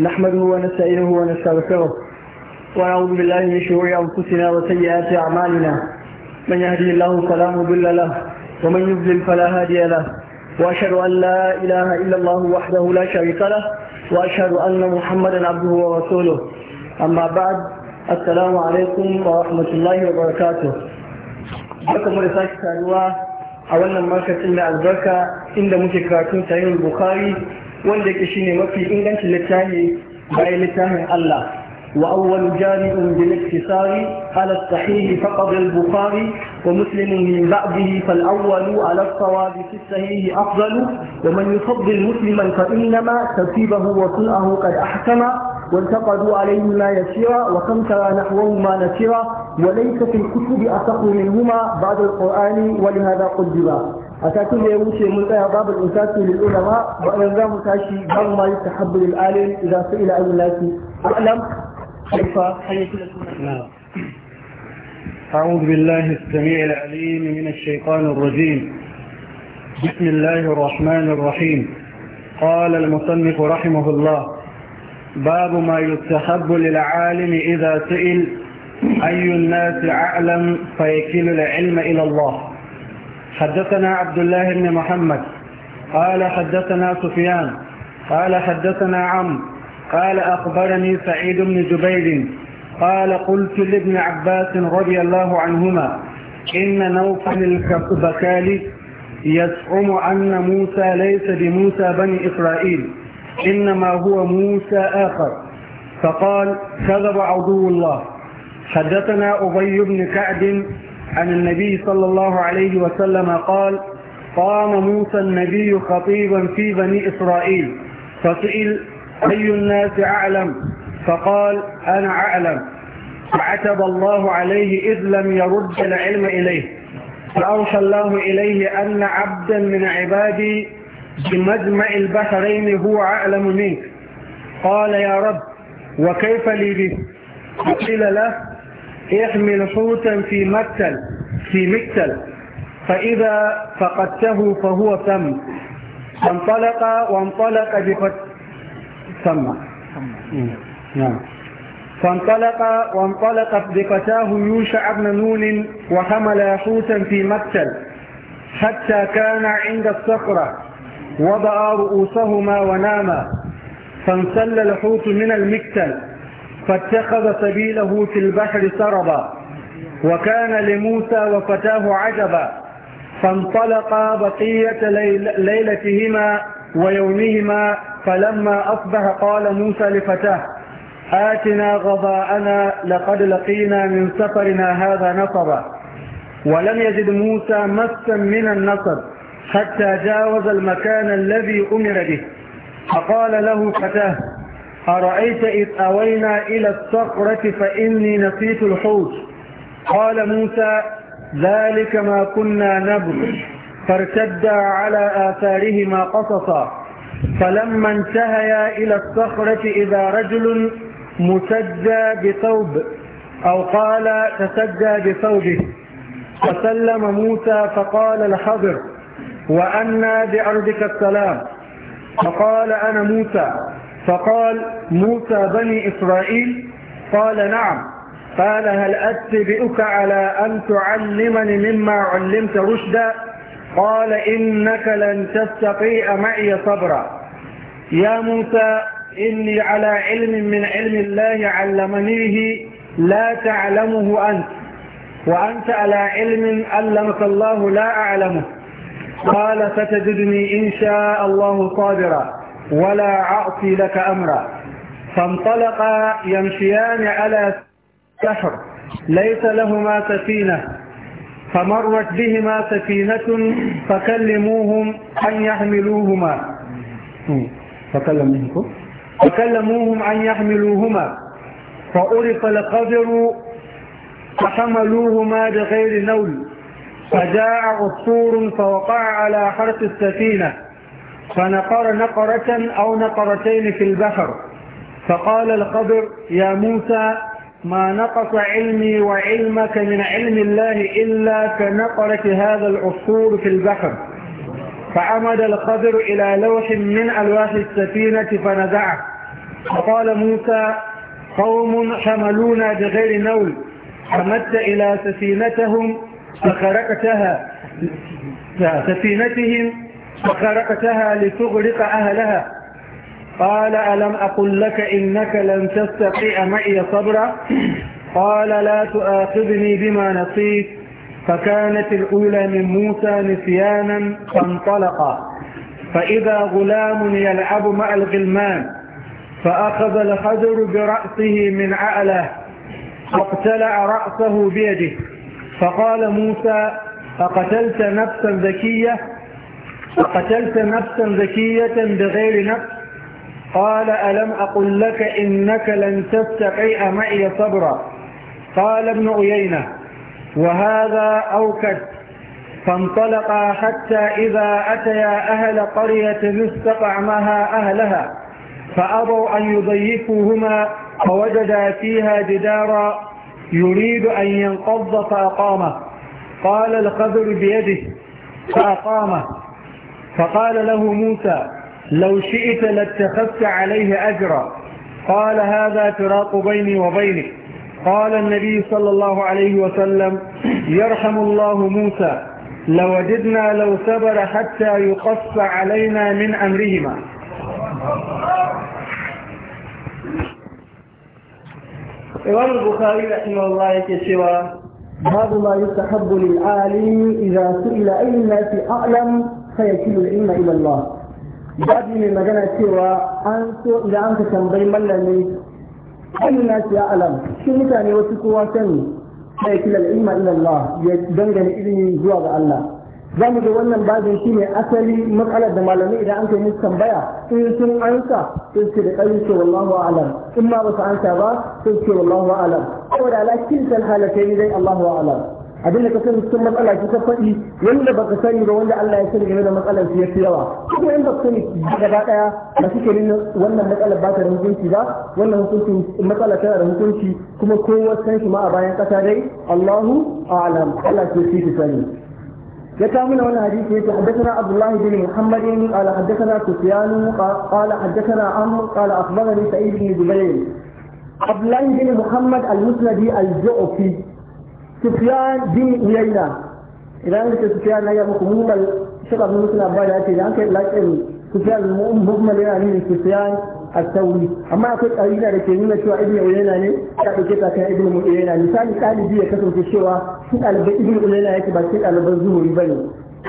نحمده ونستعينه ونستغفره ونعوذ بالله من شرور أنفسنا وسيئات أعمالنا من يهدي الله فلا مضل له ومن يضلل فلا هادي له وأشهد أن لا إله إلا الله وحده لا شريك له وأشهد أن محمدا عبده ورسوله أما بعد السلام عليكم ورحمة الله وبركاته barkamu رساله الله اولا ما wannan markacin da albarka inda muke wanda yake shine mafi ingancin littafi bayan littafin Allah wa awwal jami'un bil iktisari ala sahih faqad al bukhari wa muslim min ba'dihi fal awwal ala sawabi fi sahih afdalu wa man yufaddil musliman fa innama tasibahu wa sunahu qad ahkama وانتقدوا عليه ما يسيرا وتمتر نحوه ما نسيرا وليس في الكتب أثق منهما بعد القرآن ولهذا قدرا a satin da ya wuce باب tsaya للعلماء insati lil ulama ba ما يتحب mu إذا سئل ma yustahabbu lil alim حيث su ila نعم. أعوذ بالله السميع العليم من الشيطان الرجيم بسم الله الرحمن الرحيم قال المصنف رحمه الله باب ما يستحب للعالم إذا سئل أي الناس أعلم فيكل العلم إلى الله حدثنا عبد الله بن محمد قال حدثنا سفيان قال حدثنا عم قال أخبرني سعيد بن جبير قال قلت لابن عباس رضي الله عنهما إن نوفا الكبكالي يزعم أن موسى ليس بموسى بني إسرائيل إنما هو موسى آخر فقال كذب عدو الله حدثنا أبي بن كعب عن النبي صلى الله عليه وسلم قال قام موسى النبي خطيبا في بني إسرائيل فسئل أي الناس أعلم فقال أنا أعلم فعتب الله عليه إذ لم يرد العلم إليه فأوحى الله إليه أن عبدا من عبادي بمجمع البحرين هو أعلم منك قال يا رب وكيف لي به قيل له احمل حوتا في مكتل في مكتل فإذا فقدته فهو ثم فانطلق وانطلق بفت ثم نعم فانطلق وانطلق بفتاه يوشع بن نون وحمل حوتا في مكتل حتى كان عند الصخرة وضع رؤوسهما وناما فانسل الحوت من المكتل فاتخذ سبيله في البحر سربا وكان لموسى وفتاه عجبا فانطلقا بقية ليلتهما ويومهما فلما أصبح قال موسى لفتاه آتنا غضاءنا لقد لقينا من سفرنا هذا نصبا ولم يجد موسى مسا من النصب حتى جاوز المكان الذي أمر به فقال له فتاه أرأيت إذ أوينا إلى الصخرة فإني نسيت الحوت قال موسى ذلك ما كنا نبغي فارتدا على آثارهما قصصا فلما انتهيا إلى الصخرة إذا رجل مسجى بثوب أو قال تسجى بثوبه فسلم موسى فقال الحضر وأنا بأرضك السلام فقال أنا موسى فقال موسى بني إسرائيل قال نعم قال هل أتبئك على أن تعلمني مما علمت رشدا قال إنك لن تستطيع معي صبرا يا موسى إني على علم من علم الله علمنيه لا تعلمه أنت وأنت على علم علمك الله لا أعلمه قال فتجدني إن شاء الله صابرا ولا أعصي لك أمرا فانطلقا يمشيان على سحر ليس لهما سفينة فمرت بهما سفينة فكلموهم أن يحملوهما فكلموهم فكلموهم أن يحملوهما فأرق القدر فحملوهما بغير نول فجاء عصفور فوقع على حرس السفينة فنقر نقرة أو نقرتين في البحر فقال القبر يا موسى ما نقص علمي وعلمك من علم الله إلا كنقرة هذا العصفور في البحر فعمد القبر إلى لوح من ألواح السفينة فنزعه فقال موسى قوم حملونا بغير نول حمدت إلى سفينتهم فخرقتها سفينتهم فخرقتها لتغرق أهلها قال ألم أقل لك إنك لن تستطيع معي صبرا قال لا تؤاخذني بما نصيت فكانت الأولى من موسى نسيانا فانطلقا فإذا غلام يلعب مع الغلمان فأخذ الخزر برأسه من أعلاه فاقتلع رأسه بيده فقال موسى أقتلت نفسا ذكية أقتلت نفسا ذكية بغير نفس قال ألم أقل لك إنك لن تستطيع معي صبرا قال ابن عيينة وهذا أوكد فانطلقا حتى إذا أتيا أهل قرية استطعمها أهلها فأبوا أن يضيفوهما فوجدا فيها جدارا يريد أن ينقض فأقامه قال الخضر بيده فأقامه فقال له موسى لو شئت لاتخذت عليه أجرا قال هذا فراق بيني وبينك قال النبي صلى الله عليه وسلم يرحم الله موسى لوجدنا لو صبر حتى يقص علينا من أمرهما إمام البخاري رحمه الله يكشف هذا ما يستحب للعالم إذا سئل أي الناس أعلم فيكيل العلم إلى الله babi mai magana cewa an so idan an ka tambayi mallami an na ya alam shi mutane wasu kowa sani sai kila ilma ila Allah ya dangane ilimi zuwa ga Allah za mu ga wannan babin shi ne asali matsalar da malamai idan an kai musu tambaya in sun ansa sun ce da ƙarfi ce wallahu alam in ma ba su ansa ba sun ce wallahu alam saboda alakin san halatai dai Allahu alam abin da ka sani cikin matsala ki ta faɗi wanda baka sani ba wanda Allah ya sani game da matsalar ki fi yawa kuma in ka sani gaba daya ba kike nin wannan matsalar ba ta da hukunci ba wannan hukunci matsala tana da hukunci kuma kowa san shi ma a bayan kasa dai Allahu a'lam Allah ke shi sani يتامل عن حديث حدثنا عبد الله بن محمد قال حدثنا سفيان قال حدثنا عمرو قال اخبرني سعيد بن Abdullahi عبد Muhammad al محمد المسندي الجعفي sufiyan bin uyaina idan ka sufiyan na ya muku mummal shaka mun suna ba da ce an kai lakin sufyan mummal yana ne sufiyan at-tawri amma akwai qarina da ke nuna cewa ibnu uyaina ne ka dauke ta kai ibnu uyaina misali talibi ya kasance cewa shi ɗalibai ibnu uyaina yake ba shi ɗaliban zuhuri bane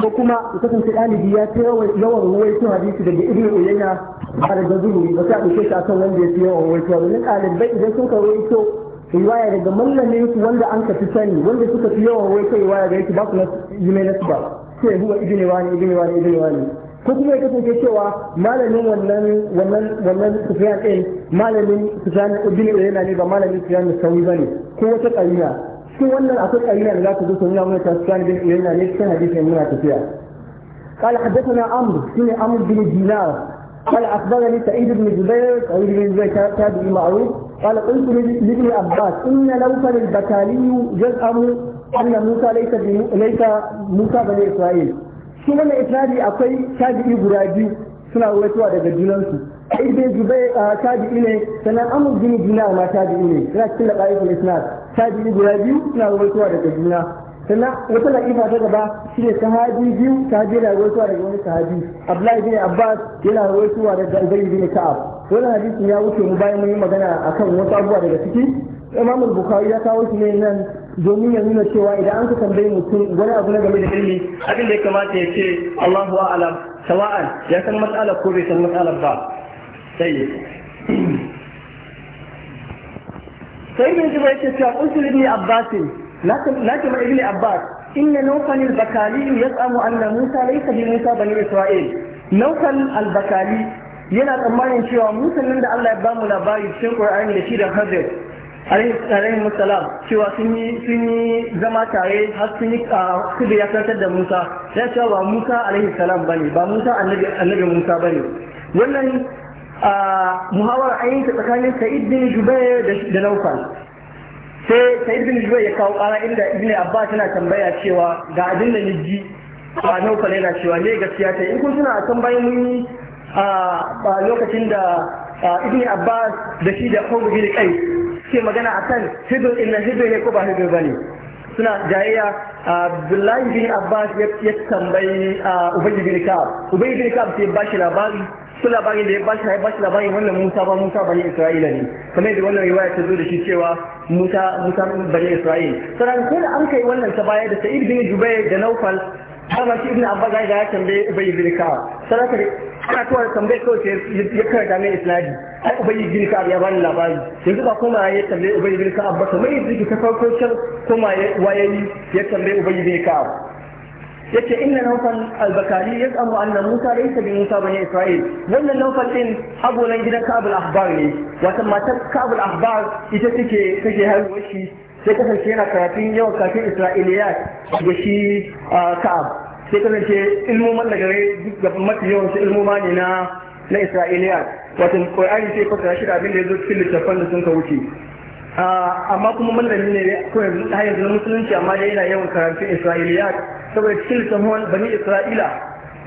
ko kuma ya kasance dalibi ya fi yawan to hadisi daga ibnu uyayna a daga zuhuri ba sai a ɗauke shi kan wanda ya fi yawan ruwaito domin ɗalibai idan sun ka ruwaito riwaya daga mallamin su wanda an kafi sani wanda suka fi yawan wai kai riwaya ga yake ba su yi mai nasu ba sai huwa ijini wani ijini wani ijini wani ko kuma ya kasance cewa malamin wannan wannan wannan malamin din malamin sufyan ibn uyayna ne ba malamin sufyan sawi ne ko wata qarina shi wannan akwai qarina da za ku zo ta nuna mana sufyan ibn uyayna ne cikin hadisin muna tafiya قال حدثنا عمرو بن عمرو بن دينار قال أخبرني سعيد بن جبير سعيد بن جبير تابعي معروف قال قلت لابن عباس إن لوطا البكالي جزأه أن موسى ليس ليس موسى بني إسرائيل shi wannan isnadi akwai tabi'i guda biyu suna waitowa daga junansu sa'id bin jubai tabi'i ne sannan amr bin dinar ma tabi'i ne suna cikin laqaifin isnad tabi'i guda biyu suna waitowa daga juna sannan wata la'ifa ta gaba shi ne sahabi biyu ta sahabi yana rawaituwa daga wani sahabi abdullahi bin abbas yana rawaituwa daga zai bin ka'ab wannan hadisi ya wuce mu bayan mun yi magana akan wasu abubuwa daga ciki imam bukhari ya kawo shi ne nan domin ya nuna cewa idan an ka tambaye mutum wani abu na game da ilimi abin da ya kamata ya ce allahu a'lam sawa'an ya san matsalar ko bai san matsalar ba sai sai bin ji ya ce cewa usul ibn abbasin لكن مع ابن عباس إن نوفل البكالي يزعم أن موسى ليس بموسى بني إسرائيل نوفل البكالي yana tsammanin cewa musan nan da Allah ya ba mu labari cikin Qur'ani da shi da Hazir alaihi musallam cewa sun yi sun yi zama tare har sun yi kudu ya kantar da Musa ya cewa ba Musa alaihi salam bane ba Musa annabi annabi Musa bane wannan muhawara an yi ta tsakanin Sa'id bin Jubair da Naufal sai sai ibn jubai ya kawo kara inda ibn abbas yana tambaya cewa ga abin da ji a naufal yana cewa ne gaskiya ta in kun suna a can bayan yi a lokacin da ibn abbas da shi da kogo da kai suke magana a kan inna hibir ne ko ba hibir bane suna jayayya abdullahi bin abbas ya tambayi ubangi bin ka'ab ubangi bin ka'ab sai ba shi labari su labarin da ya bashi shi labarin wannan Musa ba Musa bane Isra'ila ne kamar yadda wannan riwaya ta zo da shi cewa Musa Musa bani Isra'il sanan ko da an kai wannan ta baya da Sa'id bin Jubair da Naufal har ma shi Ibn ga ya tambaye Ubay bin Ka'ab sanan ka ana tuwa tambaye ko ya karanta mai isnadi ai Ubay bin Ka'ab ya bani labari yanzu ba kuma ya tambaye Ubay bin ka ba kamar yadda ta farko can kuma ya wayayi ya tambaye Ubay bin Ka'ab yace inna nawfal al-bakari yasamu anna musa laysa bi musa bani isra'il wannan nawfal din abulan gidan kabul ahbar ne wata matar kabul ahbar ita take take haihuwar shi sai kasance yana karatun yawan kafin isra'iliyat da shi ka'ab sai kasance ilmoman daga duk gaban mafi yawan su ne na na isra'iliyat wato qur'ani sai fasara shi da abin da yazo cikin littafan da sun ka wuce Ah, amma kuma mallami ne ko yanzu har musulunci amma dai yana yawan karatu isra'iliya saboda cikin samuwan bani isra'ila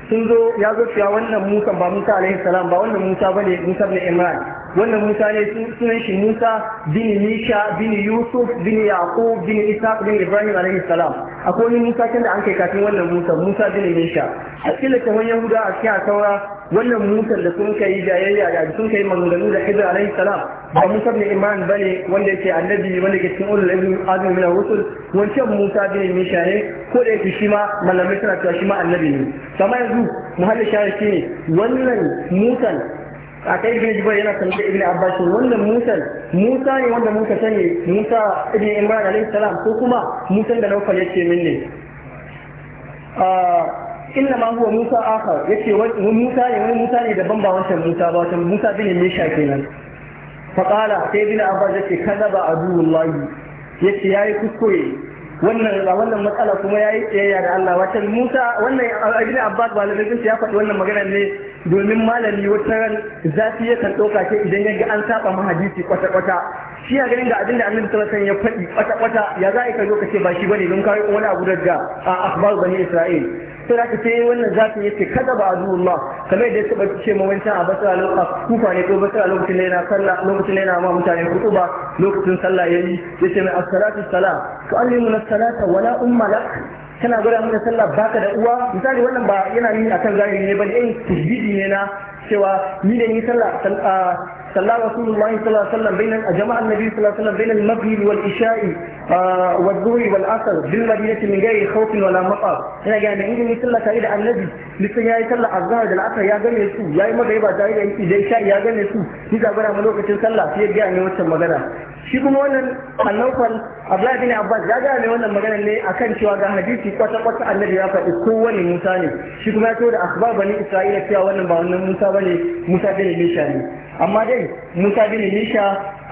sun zo ya zo cewa wannan Musa ba Musa alaihi salam ba wannan Musa bane Musa ibn Imran wannan Musa ne sunan shi Musa bin Misha bin Yusuf bin Yaqub bin Isa bin Ibrahim alaihi salam akwai wani Musa kan da an kai kafin wannan Musa Musa bin Misha a cikin littafin Yahuda a cikin Taura wannan Musa da sun kai jayayya da sun kai maganganu da Hijr alaihi salam ba Musa ibn Imran ne wanda yake annabi ne wanda ke cikin ulul azmi azmi min rusul wancan Musa bin Misha ne ko da yake shi ma malamai suna cewa shi ma annabi ne kamar yanzu al'adu muhallin shi ne wannan musan a kai ibn jibar yana tambaye ibn abbas wannan musan musa ne wanda muka sani musa ibn imran alaihi salam ko kuma musan da naufal yace min ne inna ma huwa musa akhar yace wani musa ne wani musa ne daban ba wancan musa ba wancan musa bin misha kenan fa qala zaba a abbas yace kadaba ce yace yayi kuskure wannan ba wannan matsala kuma ya yi tsayayya da Allah watan Musa wannan Ibn Abbas malamin ya faɗi wannan magana ne domin malami wata ran zafi ya kan ɗauka ke idan ya ga an saba ma hadisi kwata-kwata shi ya ganin da abin da Annabi sallallahu alaihi wasallam ya faɗi kwata-kwata ya za a ka zo ka ce ba shi bane don kawo wani abu daga akhbar bani Isra'il sai da ce wannan yi yace kada ba Allah kamar yadda ya taba ce ma wancan a basara lokacin kufa ne ko basara lokacin da yana sallah lokacin da yana ma mutane ba lokacin sallah ya ce mai as-salatu salam tu'allimuna na salata wala umma lak kana gwada mana sallah baka da uwa misali wannan ba yana nuni akan zahiri ne bane eh tijbidi ne na cewa ni da ni sallah ah, صلى رسول الله صلى الله عليه وسلم بين جمع النبي صلى الله عليه وسلم بين المغرب والعشاء والظهر والعصر بالمدينة من غير خوف ولا مطر هنا يعني إذا يصلى كريد عن النبي لسه يا يصلى الظهر والعصر يا جمع يسوع يا المغرب يا جمع يسوع يا جمع يسوع إذا قرأ ملوك تصلى في جاني وتم مغرب shi kuma wannan annan Abdullahi bin Abbas ya ga mai wannan magana ne akan cewa ga hadisi kwata kwata annabi ya faɗi kowane Musa ne shi kuma ya to da akhbar bani Isra'ila cewa wannan ba wannan Musa bane Musa bane Misha ne amma dai Musa bane Misha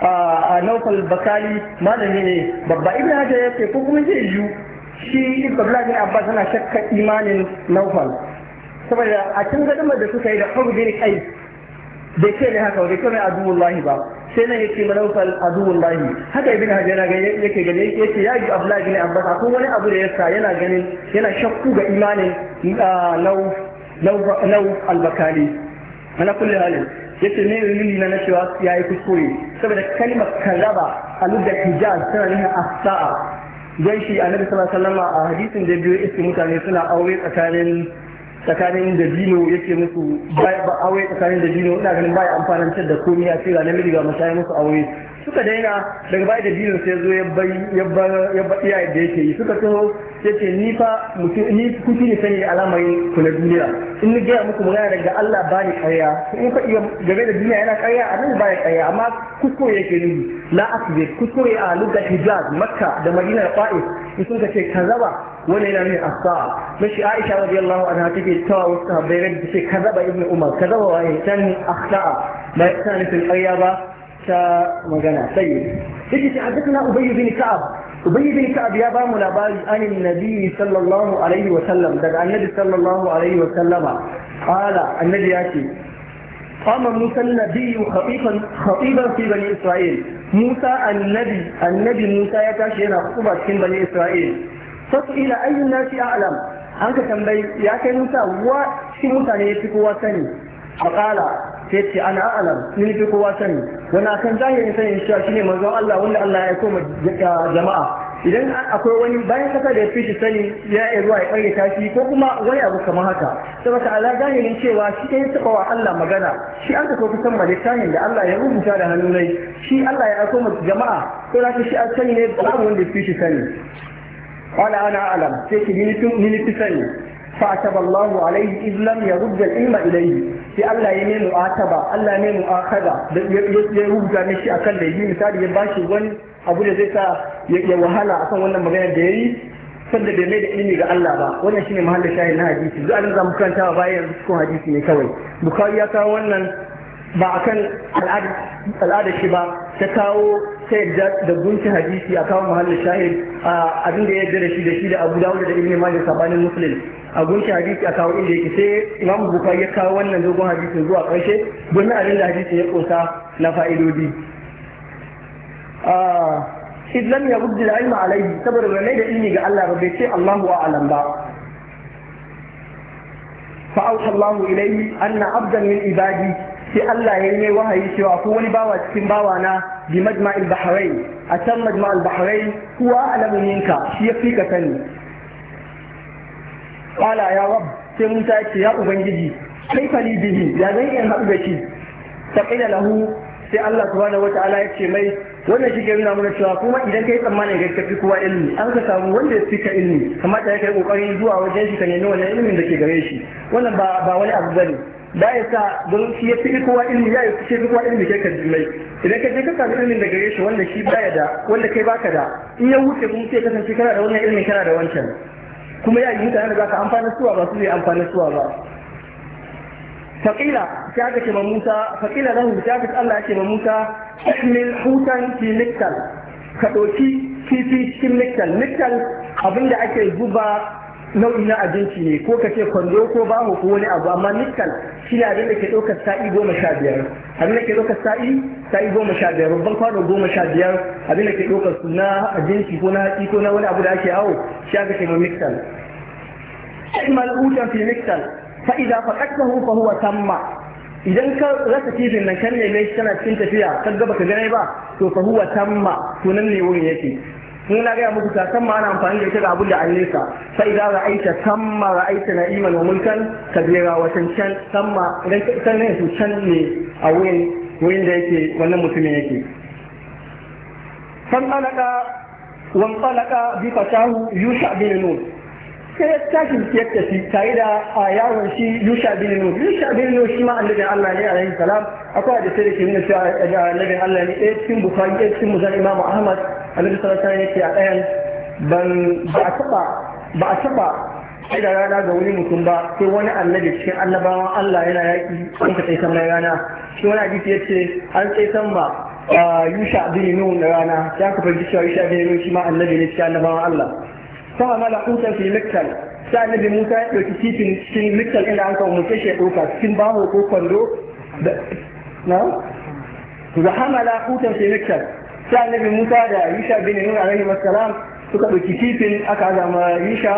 a Naufal Bakali malami ne babba Ibn Hajar ya ce ko kuma zai yiwu shi Abdullahi Abbas yana shakka imanin Naufal saboda a can gadamar da suka yi da Abu bin kai bai ce ne haka bai kai mai aduwullahi ba sai nan yake manufal aduwun lahi haka ibn hajar yana yake gani yake ya ji abdullahi bin abbas ko wani abu da yasa yana ganin yana shakku ga imanin lauf lauf albakali ala kulli halin yace ne na na cewa yayi kuskure saboda kalmar kalaba a lugha hijaz tana nufin asa'a dan shi annabi sallallahu alaihi wasallam a hadisin da biyo mutane suna aure tsakanin tsakanin da dino yake musu ba aure tsakanin da dino ina ganin baya amfanar da komai a ce ga namiji ga mace musu aure suka daina daga baya dinin sai zo ya bar ya da yake yi suka taho ya ce ni fa ni kuki ne sani alamarin ku na duniya in ni gaya muku magana daga Allah ba ni karya in ka iya game da duniya yana karya a nan ba ya karya amma kuskure yake nuni la asbir kuskure a lugar hijaz makka da madina da fa'is in sun ka ce kazaba wani yana nuna asa mashi aisha radiyallahu anha take tawa wasu sahabbai rabbi ce kazaba ibn umar kazaba wa ya san akhta'a ba ya san nufin karya ba تيجي تحدثنا أبي بن كعب أبي بن كعب يا بام عن النبي صلى الله عليه وسلم دع النبي صلى الله عليه وسلم قال النبي ياتي قام موسى النبي خطيبا في بني إسرائيل موسى النبي النبي موسى يتاشي هنا خطبة في بني إسرائيل فسئل أي الناس أعلم أنك تنبي يا موسى وشي موسى نيتك وثني فقال sai ce ana alam ni fi kowa sani wani akan zahirin sanin cewa shine manzon Allah wanda Allah ya koma jama'a idan akwai wani bayan kasa da ya fi sani ya yi ruwa ya ɓare tashi ko kuma wani abu kamar haka saboda ala zahirin cewa shi ta yi taɓa wa Allah magana shi an tafi kusan malittahin da Allah ya rubuta da hannu nai shi Allah ya aiko jama'a ko da shi an sani ne babu wanda ya fi sani wala ana alam sai ki ni fi sani فاتب الله عليه اذ لم يرد العلم اليه في الله يمين مؤاتبة الله يمين مؤاخذة يرجع مشي أكل لي مثال يباشي ابو ده ون أبو لزيسا اكن wannan magana da yayi sanda bai mai da ilimi ga Allah ba wannan shine mahallin shahin na hadisi duk an zamu kanta ba bayan ko hadisi ne kawai bukhari ya kawo wannan ba akan al'ada al'ada shi ba ta kawo sai da da gunki hadisi a kawo Mahallin shahid a abin da ya jira shi da shi da abu dawuda da ibn majah sabanin muslim a gunki hadisi a kawo inda yake sai imam bukhari ya kawo wannan dogon hadisin zuwa karshe gunna abin da hadisi ya kosa na fa'idodi Idan lam ya rubuta ilmi alaihi saboda ba mai da ilmi ga Allah ba bai ce Allahu a'lam ba fa awsha Allahu ilayhi anna abdan min ibadi sai Allah ya yi wahayi cewa ko wani bawa cikin bawana na بمجمع البحرين أتم مجمع البحرين هو أعلم منك يفيك سني قال يا رب سيمتا يا أبنجي كيف لي به يا زين إن هؤلاء فقيل له sai Allah subhanahu wata'ala ya ce mai wannan shi ke nuna mana cewa kuma idan kai tsammanin kai kafi kowa ilimi an ka samu wanda ya fika ilimi kamar ta kai kokari zuwa wajen shi ka nemi wannan ilimin da ke gare shi wannan ba wani abu bane da ya sa don shi ya fi kowa ilimi ya fi kowa ilimi kai ka jimai idan ka je ka samu ilimin da gare shi wanda shi baya da wanda kai baka da in ya wuce kuma sai kasance kana da wannan ilimin kana da wancan kuma ya yi mutane da za ka amfana suwa ba su zai amfana suwa ba faƙila sai ga ke ma Musa faƙila lahu sai aka Allah ya ce ma Musa hutan fi nikkal ka ɗauki kifi cikin nikkal nikkal abinda ake zuba nau'i na abinci ne ko ka ce kwando ko baho ko wani abu amma nikkal shi ne abin da ke ɗaukar sa'i goma sha biyar abin da ke ɗaukar sa'i sa'i goma sha biyar babban kwano goma sha biyar abin da ke ɗaukar su na abinci ko na hatsi ko na wani abu da ake awo shi aka ce ma nikkal imal utan fi nikkal fa idza faqadtahu fa huwa tamma idan ka rasa kifin nan kan ne shi tana cikin tafiya kan gaba ka gane ba to fa huwa tamma to nan ne wurin yake ni na gaya muku ta ma ana amfani da ita ga abin da an nesa sai za ra'aita samma na iman wa mulkan kabira watan can san ne su can ne a wurin wurin da yake wannan mutumin yake fan alaka wan alaka bi fatahu yusha bin nun sai ya tashi ya tafi tare da yaron shi Yusha bin Nun Yusha bin Nun shi ma annabin Allah ne alaihi salam akwai da sai da ke nuna cewa eh, annabin Allah ne a eh, cikin Bukhari ɗaya eh, cikin Muslim Imam Ahmad annabi sallallahu alaihi wasallam yake a ɗayan ban ba a taba ba a taba sai da rana ga wani mutum ba sai wani annabi cikin annabawan Allah yana yaƙi an ka tsaitan mai rana shi wani hadisi yace an tsaitan ma Yusha bin Nun rana ya ka fahimci cewa Yusha bin Nun shi ma annabi ne cikin annabawan Allah sama mala kutan fi miktal sai annabi Musa ya ɗauki cikin cikin miktal inda an kawo mutum shi ɗauka cikin baho ko kwando na da hamala kutan fi miktal sai annabi Musa da Yusha bin nuna alaihi wassalam suka ɗauki cikin aka zama Yusha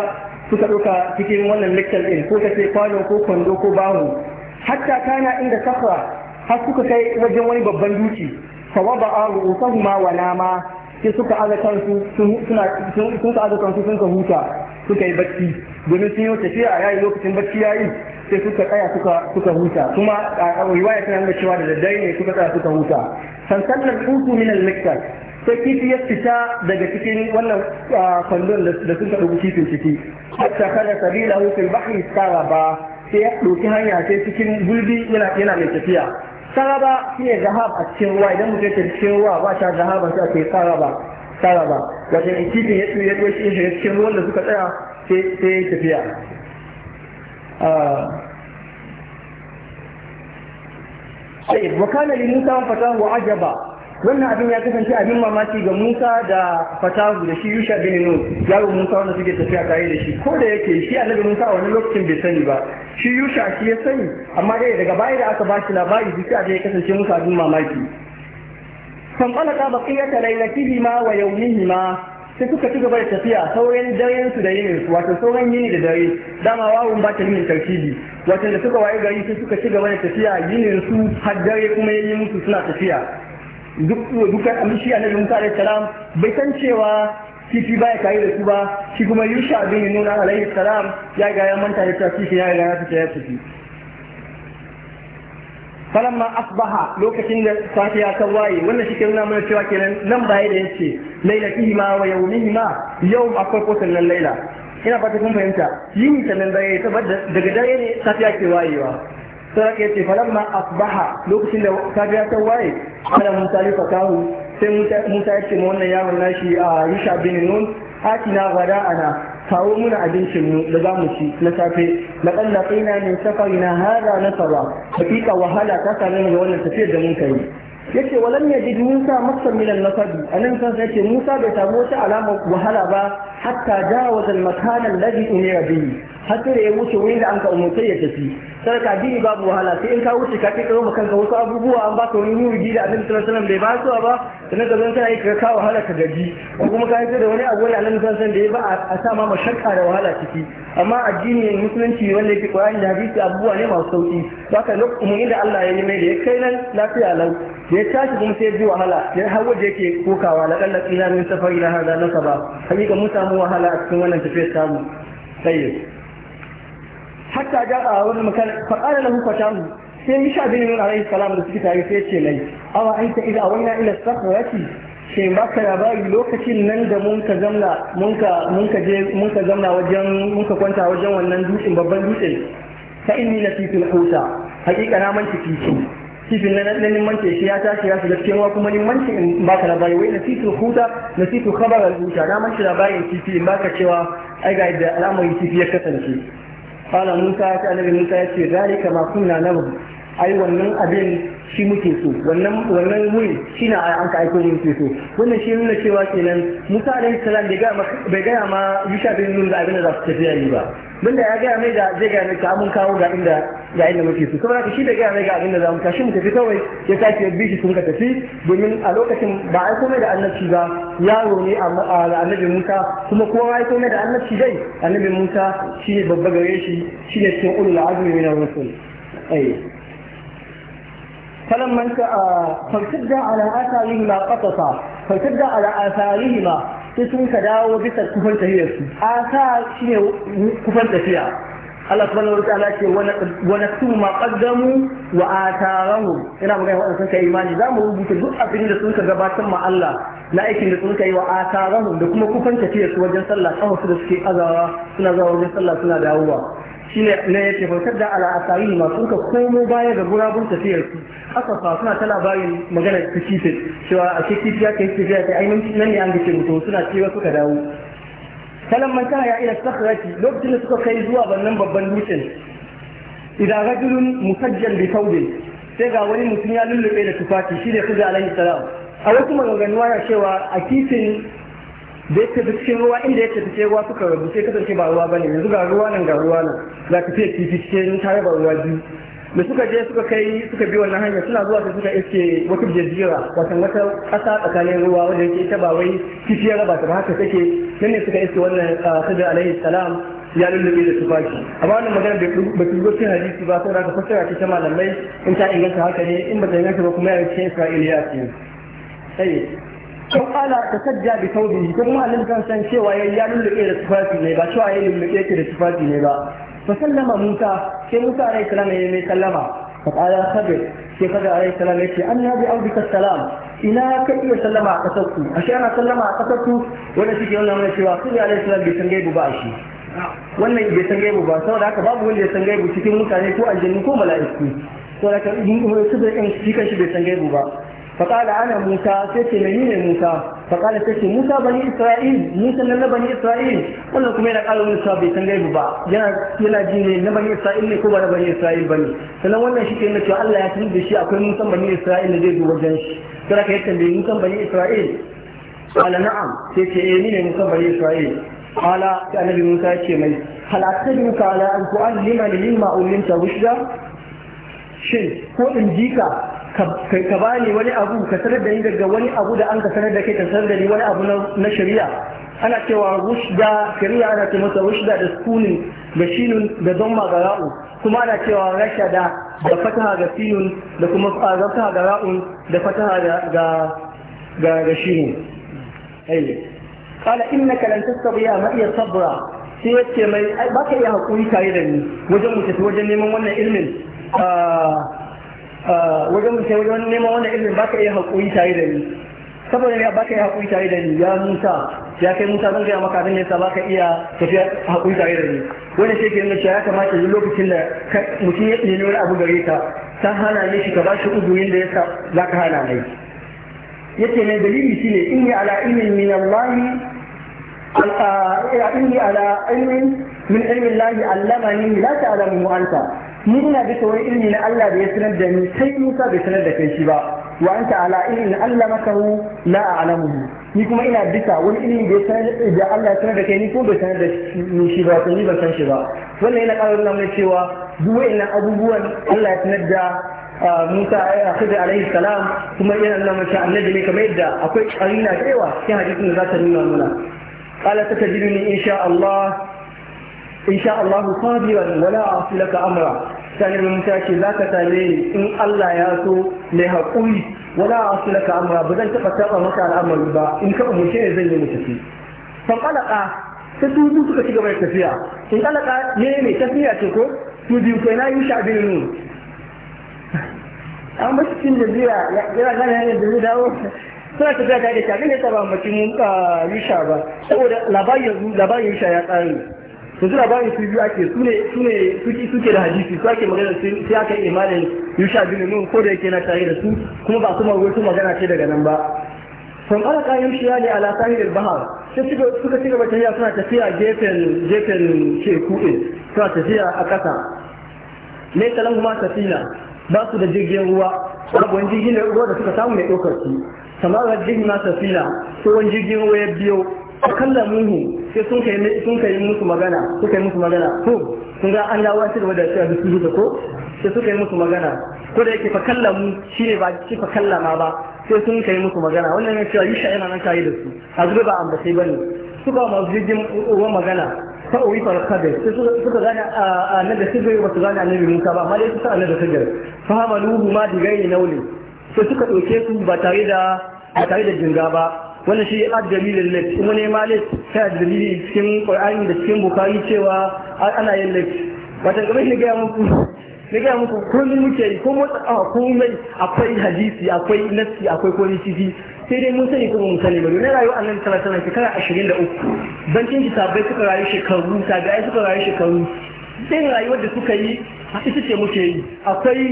suka ɗauka cikin wannan miktal ɗin ko kace kwano ko kwando ko baho hatta kana inda safra har suka kai wajen wani babban duki fa wada'a ru'usahuma wa nama sai suka aza kansu suna sun ka aza kansu sun ka huta suka yi bacci domin sun yi tafiya a yayi lokacin bacci yayi sai suka tsaya suka suka huta kuma a riwaya tana nuna cewa da daddare ne suka tsaya suka huta sansanar uku min al sai kifi ya fita daga cikin wannan kwandon da suka ɗauki kifin ciki hatta kada sabila hukul bahri ba sai ya ɗauki hanya sai cikin gulbi yana mai tafiya saraba shi ne zahab a cikin ruwa idan mutum ke cikin ruwa ba ta zahaba sai ake saraba saraba wajen ikifin ya tsuye ya shi ya cikin ruwan da suka tsaya sai ya tafiya ah. sai wakana fatan fatahu ajaba wannan abin ya kasance abin mamaki ga Musa da Fatahu da shi Yusha bin Nun yaro Musa wanda suke tafiya tare da shi ko da yake shi annabi Musa a wani lokacin bai sani ba shi Yusha shi ya sani amma dai daga baya da aka bashi labari duk da ya kasance musu abin mamaki kan fanfalaka baqiyata ma wa ma sai suka ci gaba da tafiya sauran daren su da yinin su wato sauran yini da dare dama wawun ba ta yin tarkibi wato da suka waye gari sai suka ci gaba da tafiya yinin su har dare kuma yayi musu suna tafiya dukkan a annabi Musa alaihi salam bai san cewa kifi baya kayi da su ba shi kuma Yusha bin Nuna alaihi salam ya ga ya manta ya tafi shi ya riga ya fita ya tafi falamma asbaha lokacin da safiya kan waye wannan shi ke nuna mana cewa kenan nan baya da yace lailatihi ma wa yawmihima yau akwai kotan nan laila ina fata kun fahimta yin ta nan dare daga dare ne safiya ke wayewa sai ya ce a asbaha lokacin da safiya ta waye ana musa ne fatahu sai musa ya ce ma wannan yaron nashi a yisha bin nun atina gada ana kawo muna abincin mu da za mu ci na safe na da tsina ne safari na hada nasara hakika wahala ta same mu wannan tafiyar da mun kai yace walam yajid Musa masan min al-nasab anan kan yace Musa bai samu wata alama wahala ba hatta jawaza al-makan alladhi umira bihi hatta da ya wuce wurin da an ka ya tafi sarka dini babu wahala sai in ka wuce ka kai karo kanka wasu abubuwa an baka wani wuri da annabi sallallahu alaihi wasallam bai ba su ba sannan ka zan yi ka kawo wahala ka gaji ko kuma ka yi da wani abu da annabi sallallahu alaihi wasallam bai ba a sa ma mashakka da wahala ciki amma addini musulunci wanda yake Qur'ani da hadisi abubuwa ne masu sauki baka lokacin da Allah ya yi mai da ya kai nan lafiya lau ya tashi kuma sai bi wahala ya har waje yake kokawa na kallon ila min safari la na saba, hakika mun samu wahala a cikin wannan tafiyar samu sai hatta ja a wani makan fa qala lahu fatamu sai sha bin nun alaihi salam da suke tare sai ya ce mai awa anta idza na ila sahrati shi ba ka labari lokacin nan da mun ka zamna mun ka mun ka je mun ka zamna wajen mun ka kwanta wajen wannan dutsen babban dutsen fa inni nasitul huta hakika na manta kici kifin na na limanci shi ya tashi ya shiga cikin ruwa kuma limanci in baka labari wai nasitu huta nasitu khabar al-huta na manci labarin kifi in baka cewa ai ga yadda al'amarin kifi ya kasance qala musa ta annabi musa ya ce zalika ma kunna nabu ai wannan abin shi muke so wannan wannan wuri shi na an ka aiko muke so wannan shi nuna cewa kenan musa alaihi salam bai ga ma yusha bin nun da abin da za su tafiya yi ba don da ya gaya mai da zai gaya mai ka mun kawo ga inda ga inda muke su saboda ka shi da gaya mai ga abin da za mu tashi mu tafi kawai ya sake bi shi sun ka tafi domin a lokacin ba ai komai da annabci ba yaro ne a annabi Musa kuma kowa ai komai da annabci dai annabi Musa shi ne babba gare shi shi ne cikin ulul azmi min ar-rusul ai فلما فارتد على اثارهما قصصا فارتد على ma sai sun ka dawo bisa kufan tafiyarsu a sa shi ne kufan tafiya Allah subhanahu wa ta'ala ce wa naktubu ma qaddamu wa atharahum ina magana wa sun kai imani za mu rubuta duk abin da sun ka gabatar ma Allah na aikin da sun kai wa Rahu, da kuma kufan tafiyarsu wajen sallah su da suke azawa suna zawa wajen sallah suna dawowa shi ne yake bautar da ala asari masu ka komo baya ga gurabun tafiyar su aka fa suna ta labarin magana ta kifin cewa a ce kifi ya kai kifi ya kai ainihin nan ne an gace mutu suna cewa suka dawo kalan man ya ila sakhrati lokacin da suka kai zuwa bannan babban dutsen idan rajulun musajjal bi tawbin sai ga wani mutum ya lulluɓe da tufafi shi ne kuza alaihi salam a wasu maganganuwa ya cewa a kifin da yake tafi cikin ruwa inda ya tafi cikin ruwa suka rabu sai kasance ba ruwa bane yanzu ga ruwa nan ga ruwa nan za ka fiye kifi cikin tare ba ruwa biyu da suka je suka kai suka bi wannan hanyar suna zuwa sai suka iske wata jajjira wasan wata ƙasa tsakanin ruwa wanda yake ita ba wai kifi ya raba ta ba haka take nan ne suka iske wannan sadar ah, alaihi salam ya lullube da tufafi amma wannan magana ba ta zo cikin hadisi ba saboda ka fassara ta malamai in ta inganta haka ne in ba ta inganta ba kuma ya cikin isra'iliya ce. kin ala ta sajja bi taubihi ko kuma annabi kan san cewa yayi ya lulluɓe da tufafi ne ba cewa yayi lulluke ke da tufafi ne ba fa sallama Musa sai Musa alaihi salam yayi mai sallama fa qala khabir sai kaga alaihi salam yace anna bi ka salam ina ka iya sallama a kasar ku ashe ana sallama a kasar wanda shi ke wannan mana cewa su ne alaihi salam bai san bu ba shi wannan bai san gaibu ba saboda haka babu wanda ya san gaibu cikin mutane ko aljannu ko mala'iku saboda haka su da yan shi kan shi bai san gaibu ba فقال أنا موسى سيتي منين موسى فقال سيتي موسى بني إسرائيل موسى لنا بني إسرائيل قال لكم يلا قالوا موسى بيتن غيب با يلا جيني لبني إسرائيل ne ko ba bani Isra'il bane sannan wannan shi ke nuna cewa Allah ya tuni da shi akwai musan bani Isra'il da zai zo wajen shi sai ka yadda bai musan bani Isra'il qala na'am sai ce ni ne musan bani Isra'il qala sai annabi Musa ya ce mai hal ataduka ala an tu'allima mimma ulimta rushda shin ko in jika ka ba ni wani abu ka sanar da ni daga wani abu da an ka sanar da kai ka sanar da ni wani abu na shari'a ana cewa rushda shari'a ana ce masa rushda da sukunin da shinun da don magara'u kuma ana cewa rasha da fataha ga sinun da kuma fataha ga ra'un da fataha ga ga ga shinun قال إنك لن تستطيع معي صبرا sai ya mai ba ka iya haƙuri tare da ni wajen mu tafi wajen neman wannan ilmin ah, Eh, wajen mutum wajen neman wanda ilimin baka iya haƙuri tare da ni saboda ne baka iya haƙuri tare da ni ya musa ya kai musa zan gaya maka abin da yasa baka iya tafiya haƙuri tare da ni wani sai ke nuna cewa ya kamata yi lokacin da mutum ya nemi wani abu gare ka ta hana ne shi ka ba shi uzurin da yasa za ka hana mai yace mai dalili in yi ala ilmin min Allah inni ala ilmin min ilmin Allah allamani la ta'lamu anta ni ina bisa wani ilmi na Allah da ya sanar da ni sai Musa bai sanar da kai shi ba wa anta ala ilmin Allah makahu la a'lamu ni kuma ina bisa wani ilmi da ya sanar da Allah ya sanar da kai ni kuma bai sanar da ni shi ba ko ni ban san shi ba wannan yana ƙara nuna cewa duk wa'annan abubuwan Allah ya sanar da Musa ya kudu alaihi salam kuma yana nuna mace annabi ne kamar yadda akwai ƙarina cewa cikin hadisin da za ta nuna nuna. Ƙala ta tajiri ne insha Allah in sha Allah sabiran wala asu laka amra sanin mun tashi zaka same ni in Allah ya so ne haƙuri wala asu laka amra ba zan taɓa taɓa maka al'amari ba in ka umarce ne zan yi mu tafi fa qalaka ta dubu suka ci gaba da tafiya in qalaqa ne ne tafiya ce ko su biyu kai na yi sha'abin nun an ba cikin ya ga gane hanyar da zai dawo suna tafiya ta da sha'abin ya taɓa mutum yusha ba saboda labarin yusha ya tsare yanzu labarin su biyu ake su ne suke suke da hadisi su ake magana sai aka yi imanin yusha bin nun ko da yake na tare da su kuma ba su magana su magana ce daga nan ba sun ala kayan shi ne ala Baha. bahar sai suka ci gaba tafiya suna tafiya gefen gefen teku din suna tafiya a ƙasa ne kalan kuma safina ba su da jirgin ruwa babu wani jirgin ruwa da suka samu mai ɗaukar su kamar jirgin ma safina ko wani jirgin ruwa ya biyo muhu sai sun kai sun kai musu magana sun kai musu magana ko sun ga an dawo shi da cewa su yi ko sai suka yi musu magana ko da yake fa kalla mu shine ba shi fa kalla ma ba sai sun kai musu magana wannan ne cewa yusha yana nan kai da su azube ba ambace bane su ba jijin wa magana fa uwi fa kabe sai suka gane nan da sibai ba su gane annabi Musa ba amma dai suka annabi da sibai fa hamaluhu ma digai nauli sai suka dauke su ba tare da ba tare da jinga ba wannan shi a dalilin lek kuma ne ma lek ta dalili cikin qur'ani da cikin bukari cewa ana yin lek wata kamar ne ga muku ne ga muku komai muke yi ko motsa kafa komai akwai hadisi akwai nassi akwai komai ciki sai dai mun sani kuma mun sani ba domin rayuwar annabi sallallahu alaihi wasallam shekara 23 bankin kitabai suka rayu shekaru tabi'ai suka rayu shekaru sai rayuwar da suka yi ita ce muke yi akwai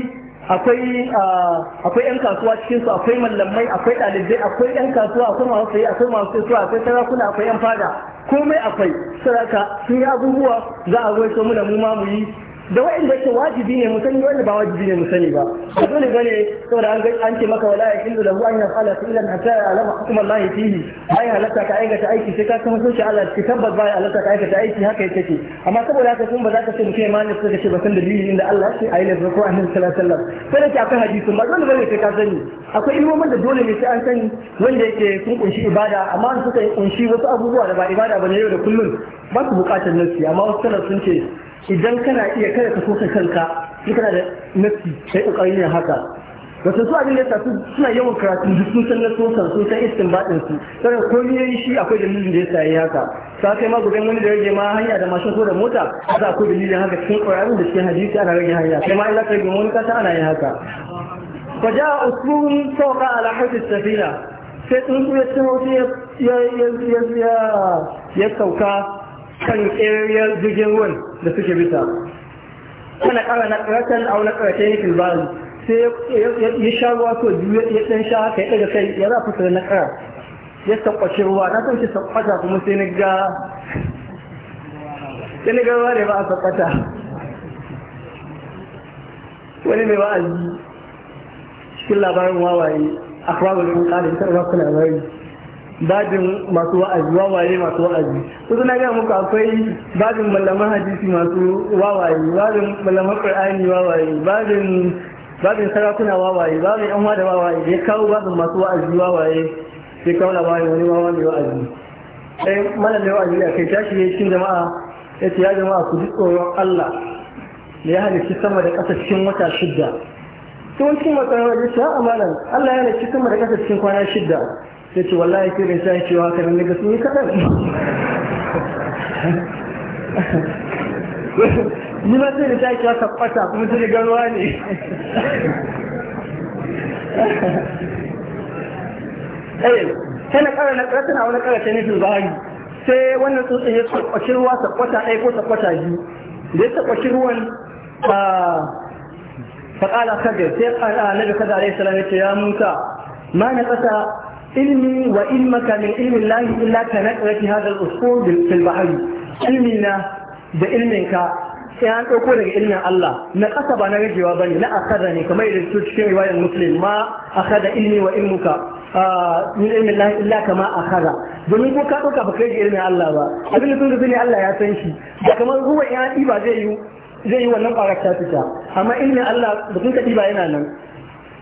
akwai yan kasuwa cikin su akwai mallamai akwai ɗalibai akwai yan kasuwa akwai masu sai akwai masu sayi akwai sarakuna akwai yan fada komai akwai saraka sun yi abubuwa za a ruwaito mu da mu ma mu yi da wa'anda yake wajibi ne mu sani wanda ba wajibi ne mu sani ba Da dole bane saboda an an ce maka wala yahillu lahu an yaf'ala illa hatta ya'lama hukm Allah fihi ai halatta ka aikata aiki sai ka san shi Allah ki tabbas ba ya halatta ka aikata aiki haka yake ce amma saboda haka kun ba za ka ce mutum imani sai ka ce ba san dalili inda Allah ce ai lafi ko annabi sallallahu alaihi wasallam sai da akan hadisin ba dole bane sai ka sani akwai ilmomin da dole ne sai an sani wanda yake sun kunshi ibada amma an suka kunshi wasu abubuwa da ba ibada bane yau da kullun ba su bukatar nasi amma wasu salaf sun ce idan kana iya kada ka soka kanka in kana da nafi sai kokarin ne haka wato su abin da ya su suna yawan karatu duk sun san na sosan sun san baɗin su sai komai ne shi akwai dalilin da ya sa yi haka sa kai ma gobe wani da rage ma hanya da mashin ko da mota za akwai dalilin haka cikin ƙwararrun da cikin hadisi ana rage hanya Sai ma Allah za ka rage wani kasa ana yin haka فجاء أسلوب فوق على حوض Safina. sai tsuntsu ya taho ya sauka kan area jirgin ruwan da suke bisa kana ƙara na ƙaratan a wani ƙarfe ne filbari sai ya sha ruwa to biyu ya ɗan sha haka ya ɗaga kai ya za fusa na ƙara ya sakwace ruwa na san shi sakwata kuma sai na ga sai na ga ruwa ne ba a sakwata wani mai wa'azi cikin labarin wawaye a ta ruwa kuna labarin babin masu wa'azi wawaye masu wa'azi kusa na gaya muku akwai babin malaman hadisi masu wawaye babin malaman qur'ani wawaye babin babin sarakuna wawaye babin yan da wawaye ya kawo babin masu wa'azi wawaye sai kawo labarin wani wawa mai wa'azi sai mana mai wa'azi a kai tashi ne cikin jama'a ya ce ya jama'a ku ji tsoron Allah da ya halicci sama da ƙasa cikin wata shidda. Tuwancin matsalar wajen sha'a malam Allah ya halicci sama da ƙasa cikin kwana shidda. sai ce wallahi sai bai sai cewa haka nan daga sun yi kaɗan ni ba sai da sai cewa kwata kuma sai ga ruwa ne ɗaya eh, sai na ƙara na ƙara tana wani ƙara ta nufin bahari sai wannan tsuntsun ya tabbaci ruwa tabbata ɗaya ko tabbata biyu da ya tabbaci ruwan faƙala kadir sai annabi na alaihi salam ya ce ya musa ma na ƙasa Ilmi wa ilmaka min lahi وعلمك من علم الله إلا كنقرة هذا الأسطور في na da ilminka sai an ɗauko daga ilmin Allah na ƙasa ba na rajewa ba ne na akada ne kamar yadda su cikin riwayar muslim ma akada ilmi wa ilmuka min ilmin lahi illa kama akada domin ko ka ɗauka ba kai ilmin Allah ba abin da sun rufe ne Allah ya san shi da kamar ruwa ya ɗiba zai yi zai yi wannan ɓarar ta fita amma ilmin Allah da kun ka ɗiba yana nan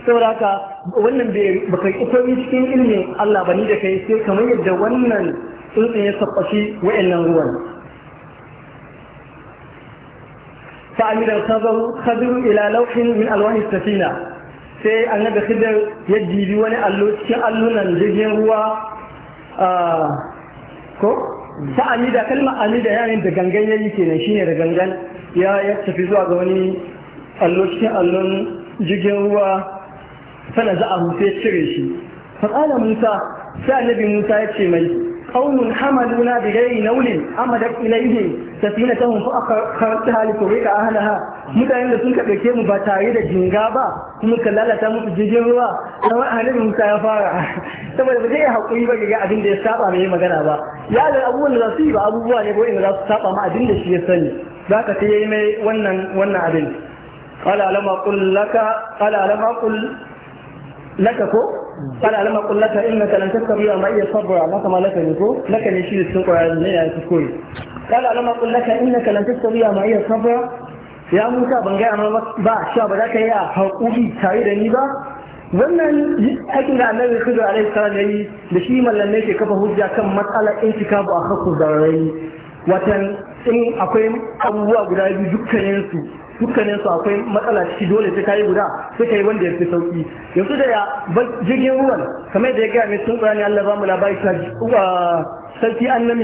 saboda haka wannan bai baka yi cikin ilimin Allah bani da kai sai kamar yadda wannan tsuntsun ya sabbashi nan ruwan فأمر الخضر خضر إلى لوح من ألوان السفينة sai annabi khidr ya jibi wani allo cikin allunan jirgin ruwa ko ta amida kalma amida yayin da gangan ya yi kenan shine da gangan ya tafi zuwa ga wani allo cikin allon jirgin ruwa fana za a sai cire shi faƙala musa sai annabi musa ya ce mai قوم حملونا بغير نول أمدت إليهم ka a hana ha. mutanen da sun ka ɗauke mu ba tare da jinga ba kuma ka lalata musu jirgin ruwa kuma annabi Musa ya fara saboda ba zai yi hakuri ba ga abin da ya saba mai magana ba ya ga abubuwan da za su yi ba abubuwa ne ko inda za su saba ma abin da shi ya sani za ka ta yi mai wannan wannan abin قال ألم أقل لك قال ألم أقل laka ko kana lama kullaka innaka lan tastabiya ma iya sabra maka laka ne ko laka ne shi da cikin ƙwararru ne ya kuskure kana lama kullaka innaka lan tastabiya ma iya sabra ya musa ban gaya ma ba sha ba za ka yi a haƙuri tare da ni ba wannan aikin da annabi kudu alaihi salam ya yi da shi mallan mallamai ke kafa hujja kan matsalar ba a hakku zararai watan in akwai abubuwa guda biyu dukkaninsu dukkanin su akwai matsala ciki dole sai kayi guda sai kai wanda ya fi sauki yanzu da ya jirgin ruwan kamar da ya gaya mai sun tsani Allah ba mu labari sarki an nan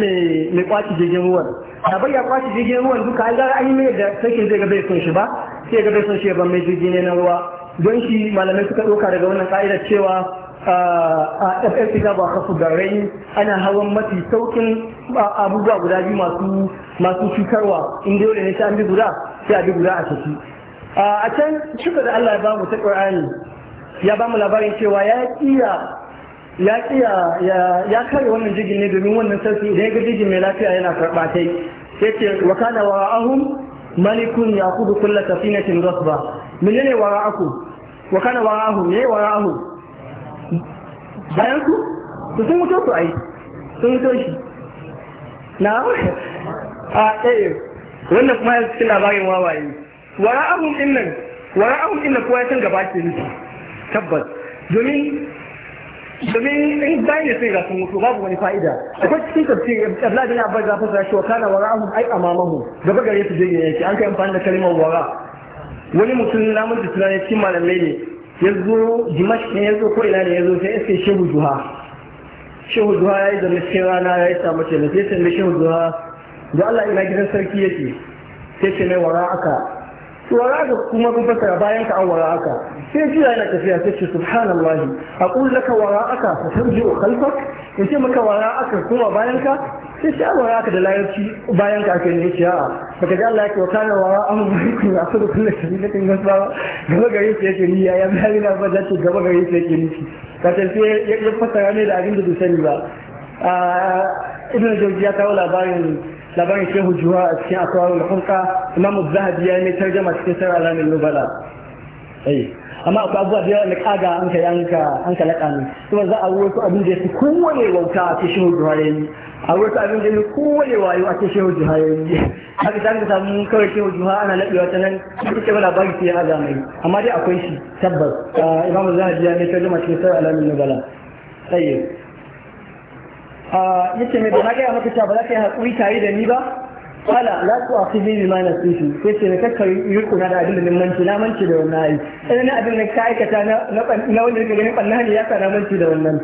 mai kwaci jirgin ruwan da bai ya kwaci jirgin ruwan duka an gara an yi mai da sarkin zai ga bai son shi ba sai ga bai son shi ban mai jirgi ne na ruwa don shi malamai suka ɗauka daga wannan kaida cewa a FFC ta ba kafu da rai ana hawan mafi saukin abubuwa guda biyu masu cutarwa in dole ne sai an bi guda sai a bi guda a saki a can shuka da Allah ya ba mu ta Qur'ani ya ba mu labarin cewa ya kiya ya kiya ya kare wannan jigin ne domin wannan sarki idan ya ga jigin mai lafiya yana karɓa Ya yace wa kana wara'ahum malikun yaqudu kullu safinatin rasba menene wara'akum wa kana wara'ahum ne wara'ahum bayan ku su sun mutu su ai sun mutu shi na a eh, eh. wannan kuma yanzu cikin labarin wawaye wara'ahum dinnan wara'ahum dinnan kowa ya san gaba ke nufi tabbas domin domin in bayan da sai ga sun mutu babu wani fa'ida akwai cikin tafsir Abdullah bin Abbas ya shi wa kana wara'ahum ai amamahu gaba gare su ne yake an kai amfani da kalmar wara wani mutum namun da tunanin cikin malamai ne ya zo dimash ne ya zo ko ina ne ya zo sai iske shehu duha shehu duha ya yi da cikin rana ya yi samu ce na sai sai shehu duha da Allah ina gidan sarki yake sai ce mai wara aka to wara aka kuma kun fassara bayan ka an wara aka sai jiya yana tafiya sai ce subhanallahi aqul ka wara aka fa tarji'u khalfak in ce maka wara aka kuma bayan ka sai ce wara aka da layarci bayan ka kai ne ce a'a baka ji Allah yake wa kana wara an barku ya kudu kullu sabilatin gasawa gaba gare shi yake ni ya ya mai na ba da ce gaba gare shi yake ni ka tafi ya fasara ne da abin da bai sani a ah, ibn jawzi ya kawo labarin labarin shehu juha a cikin akwarul hulka imam zahabi ya yi tarjama cikin sirra alamin nubala amma akwai abubuwa da yawa na kaga an ka yanka an ka laƙa kuma za a wasu abin da ya fi kowane wauta a cikin shehu ya yi a wasu abin da ya fi kowane wayo a cikin shehu juha ya yi haka ta ka samu kawai shehu juha ana laɓewa ta nan duk da labari sai ya haza mai amma dai akwai shi tabbas ah, imam zahabi ya yi tarjama cikin sirra alamin nubala yake mai dana gaya maka cewa ba za ka yi hakuri tare da ni ba kala la tu akhidhi mana sisi sai ce ne kakka yurku na da abin da mance na mance da wannan ayi idan abin da ka aikata na na wanda kake ganin ballahi ya fara mance da wannan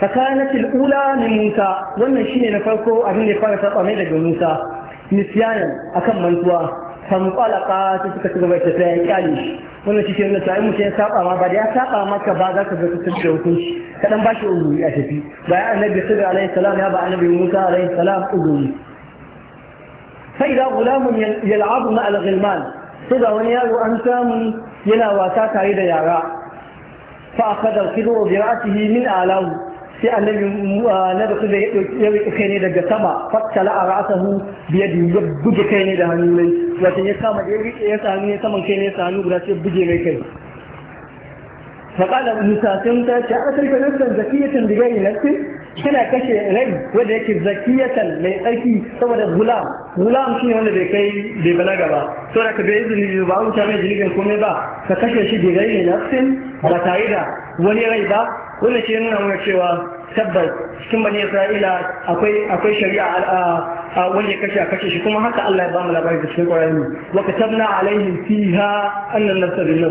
fakanat ula min musa wannan shine na farko abin da ya fara saba mai daga musa nisyanan akan mantuwa fanfalaka su suka ci gaba da tafiya ya kyale shi wannan shi ke nuna sai mutum ya saba ma ba da ya saba maka ba za ka ga tafi da hukunci kadan ba shi uzuri a tafi Ba ya annabi da alayhi salam ya ba annabi Musa alayhi salam uzuri sai da gulamun yal'abu na alghilman su sai da wani yaro an samu yana wasa tare da yara fa kadar al-khidru bi ra'sihi min alahu sai annabi na da kuma ya rike kai ne daga sama fattala a ra'asahu biyar ya buge kai ne da hannu ne wato ya kama ya rike ya sanu ya saman kai ne ya sanu guda sai buge mai kai faƙalar musa sun ta ce a sarki nufin zakiyatan diga gari nafsi Kana kashe rai wanda yake zakiyatan mai tsarki saboda gulam gulam shi ne wanda bai kai bai balaga ba saboda ka bai izini ba a wuce mai jirgin komai ba ka kashe shi diga gari nafsin ba tare da wani rai ba wanda ke nuna mana cewa tabbas cikin bani isra'ila akwai akwai shari'a a wanda kashe a kashe shi kuma haka Allah ya bamu labarin labari da cikin Qur'ani wa katabna alaihim fiha annan nafsa bil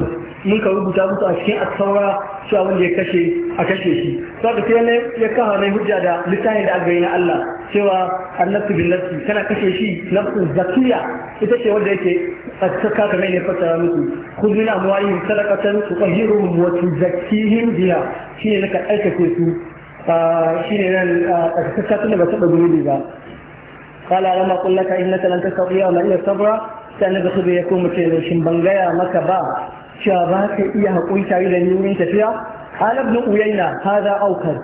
mun ka rubuta musu a cikin at-taura a wanda ya kashe a kashe shi saboda sai ne ya kawo ne hujja da littafin da aka yi na Allah cewa annafsu bil nafsi kana kashe shi nafsu zakiya ita ce wanda yake tsaka kamar ne fasara musu kullun amwalihim sadaqatan tutahhiruhum wa tuzakkihim biha shine naka aikake su shi ne nan a ƙarƙashin tun ba taɓa gurbi ba kala rama kullaka talanta lan tastati'a ma iya sabra sai annabi khidir ya koma ce shin ban gaya maka ba cewa ba ka iya haƙuri tare da ni wurin tafiya halab na uyaina hada aukar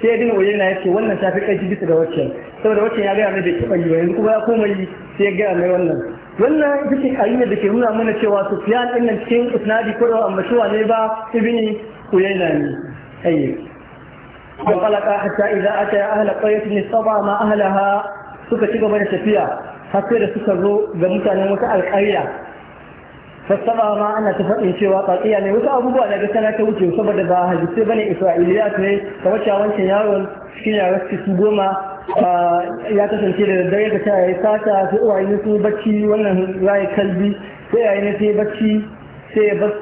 sai ibn uyaina ce wannan ta fi ƙarfi bisa ga waccan saboda waccan ya gaya mai da kiban yi yanzu kuma ya koma yi sai ya gaya mai wannan wannan cikin ayyana da ke nuna mana cewa sufyan ɗin nan cikin isnadi ko da ambaci ne ba ibini uyaina ne فانطلق حتى إذا أتى أهل قرية استطاع ما أهلها سكة شبه من الشفية حتى يسكروا بموتى نموتى القرية فاستطاع ما أن تفق من شواء طلقية من يعني وقع أبوبوا أن أجسنا توجه وصبر دباها جسي بني إسرائيليات لي فوشا وانش يارون شكين عرسك سبوما آه، يا تشنتي للدرية كتاعي ساتا في أوعي نسو بكي وانا رأي كلبي سيعيني في بكي سيبس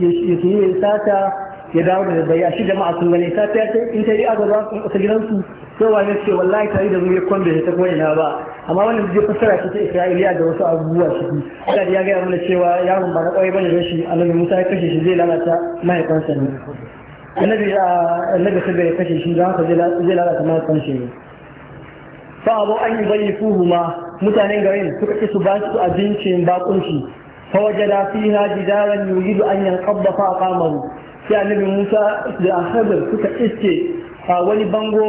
يشيني ساتا ya dawo da zai shi jama'a sun gani ta ta in ta yi azaba sun kusa gidansu sai wani ce wallahi tare da mu ya kwambe ta koyi na ba amma wannan zai fassara shi ta Isra'iliya da wasu abubuwa shi. Allah ya gaya mana cewa yaron ba na kwaye bane da shi Annabi Musa ya kashe shi zai lalata mahaifansa ne Annabi Annabi sai ya kashe shi don haka zai lalata mahaifansa ne fa abu an yi bayi fuhuma mutanen garin suka ƙi su ba su abincin bakunci fa wajada fiha jidaran yuridu an yanqadda fa aqamahu sai annabi musa da ahabar suka iske a wani bango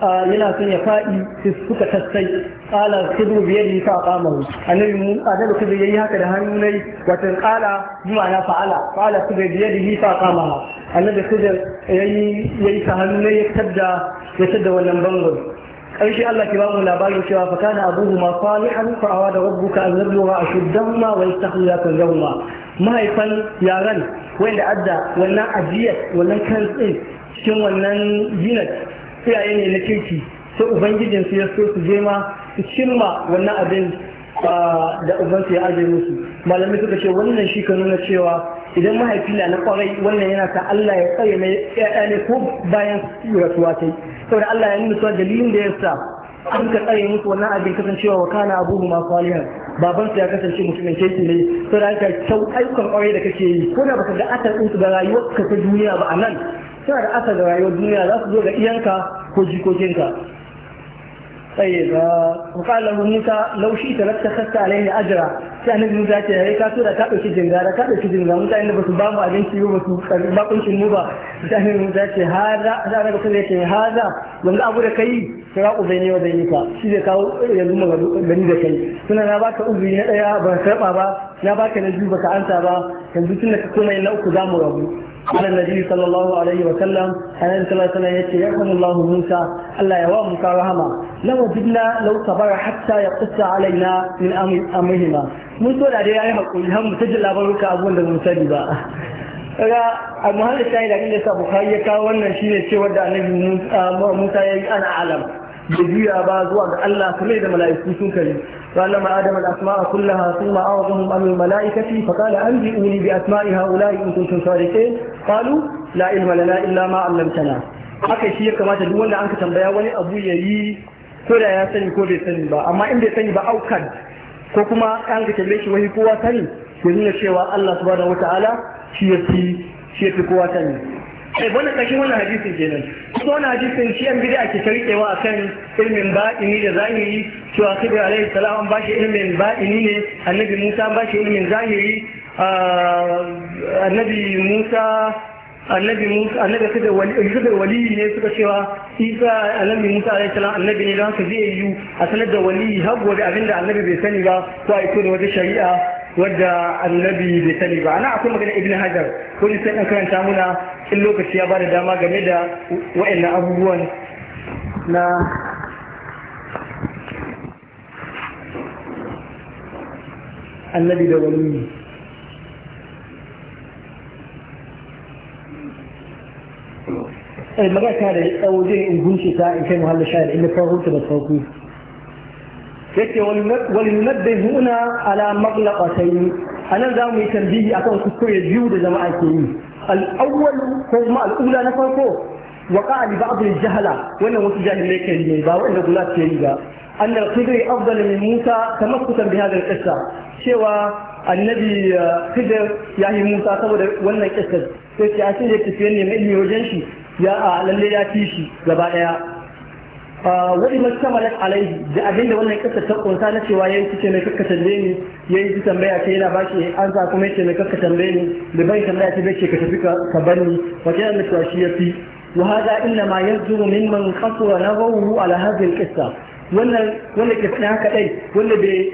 yana son ya faɗi suka tassai ƙala kudu biyar yi sa ƙamahu annabi mu annabi kudu yayi haka da hannu nai wato ƙala bi ma'ana fa'ala ƙala kudu biyar yi sa ƙamaha annabi kudu yayi yayi sa hannu nai ya tadda ya tadda wannan bangon ƙarshe Allah ke bamu labarin cewa fa kana abuhu ma salihan fa awada rabbuka an yabluga ashuddahuma wa yastakhliya kanzahuma mahaifan yaran wanda adda wannan ajiyar wannan kan tsin cikin wannan zinat iyaye ne na kirki sai ubangijin su ya so su je ma su cimma wannan abin da ubansu ya ajiye musu malamai suka ce wannan shi ka nuna cewa idan mahaifi na kwarai wannan yana ta Allah ya tsare mai ya ne ko bayan rasuwa ta yi saboda Allah ya nuna cewa dalilin da ya sa an ka tsaye musu wannan abin kasancewa wa kana abubu ma kwaliya baban su ya kasance mutumin kai ne to da haka kyau aikon kwarai da kake yi ko da baka ga asar din su ga rayuwarka ta duniya ba a nan suna da asar da rayuwar duniya za su zo ga iyanka ko jikokinka طيب آه، وقال له موسى لو شئت لاتخذت عليه اجرا كان ابن ذات هيك كاتو كاتو كيدن غارا كاتو كيدن غارا متى انه بسو بامو ادين سيو بسو باكون شي موبا كان ابن ذات هذا هذا كان يكي هذا يوم ابو ده كاي سرا او بيني و بينك شي ده كاو يلو إيه، ما بني ده كاي كنا باك عذري ديا إيه، با سبا با نا باك نجي بك انتا با كان دي تنك كوماي نا اوكو زامو رابو قال النبي صلى الله عليه وسلم حنان صلى الله عليه الله موسى الله يوام كرهما lawajidna law sabara hatta yaqta alaina min amrihima mun so da dai yayi hakuri har mu taji labaruka abubuwan da mun sani ba kaga a muhallin shayi da inda sa bukhari ya kawo wannan shine cewa da annabi Musa ya yi ana alam da juya ba zuwa ga Allah kamar da mala'iku sun kare قال ما آدم الأسماء كلها ثم أعظم أمر الملائكة فقال أنبئوني بأسماء هؤلاء in كنتم صادقين قالوا لا علم لنا إلا ما علمتنا haka shi ya kamata duk wanda an ka tambaya wani abu ya yi ko da ya sani ko bai sani ba amma in bai sani ba aukan ko kuma an ga tambaye shi wani kowa sani ya nuna cewa Allah subhanahu wataala shi ya fi shi ya fi kowa sani eh wannan kashin wannan hadisin kenan kuma wannan hadisin shi an bid'a ke tarikewa akan ilmin ba'ini da zahiri cewa a alaihi salam an bashi ilmin ba'ini ne annabi Musa an bashi ilmin zahiri ah, annabi Musa annabi musa annabi kada wali yusufa wali ne suka cewa isa annabi musa alayhi salam annabi ne don haka zai yi a sanar da wali har gobe abinda annabi bai sani ba ko aiko da wata shari'a wadda annabi bai sani ba ana akwai magana ibn hajar ko ni sai karanta muna in lokaci ya bada dama game da wa'annan abubuwan na annabi da wali المقاس إيه، هذا أوزين الجنس ساء إن كان هذا الشاعر إلا فاغلت بالتوقيف يكي ولننبه هنا على مغلقتين أنا دام يتنبيه أكون كتوية جيودة زماعة كريم الأول هو فرما الأولى نفرقه وقع لبعض الجهلة وأنه متجاه الملكة هو وأنه قلات شريبا أن الخضر أفضل من موسى تمسكا بهذا القصة شوى النبي آه، خضر يعني موسى تبدأ وأنه قصة sai ce a da ya ne mai ilimi wajen shi ya a lalle ya fi shi gaba daya wani mastamalar alaihi da abin da wannan kasa ta kunsa na cewa yi kice mai kakka tambaye ni yi ji tambaya ce yana bashi an sa kuma ce mai kakka tambaye ni da bai tambaya ce bai ce ka tafi ka bani wajen yana cewa shi ya fi ma إنما يبدو ممن na نظره على هذه القصة wanda ke faɗin haka أي wanda bai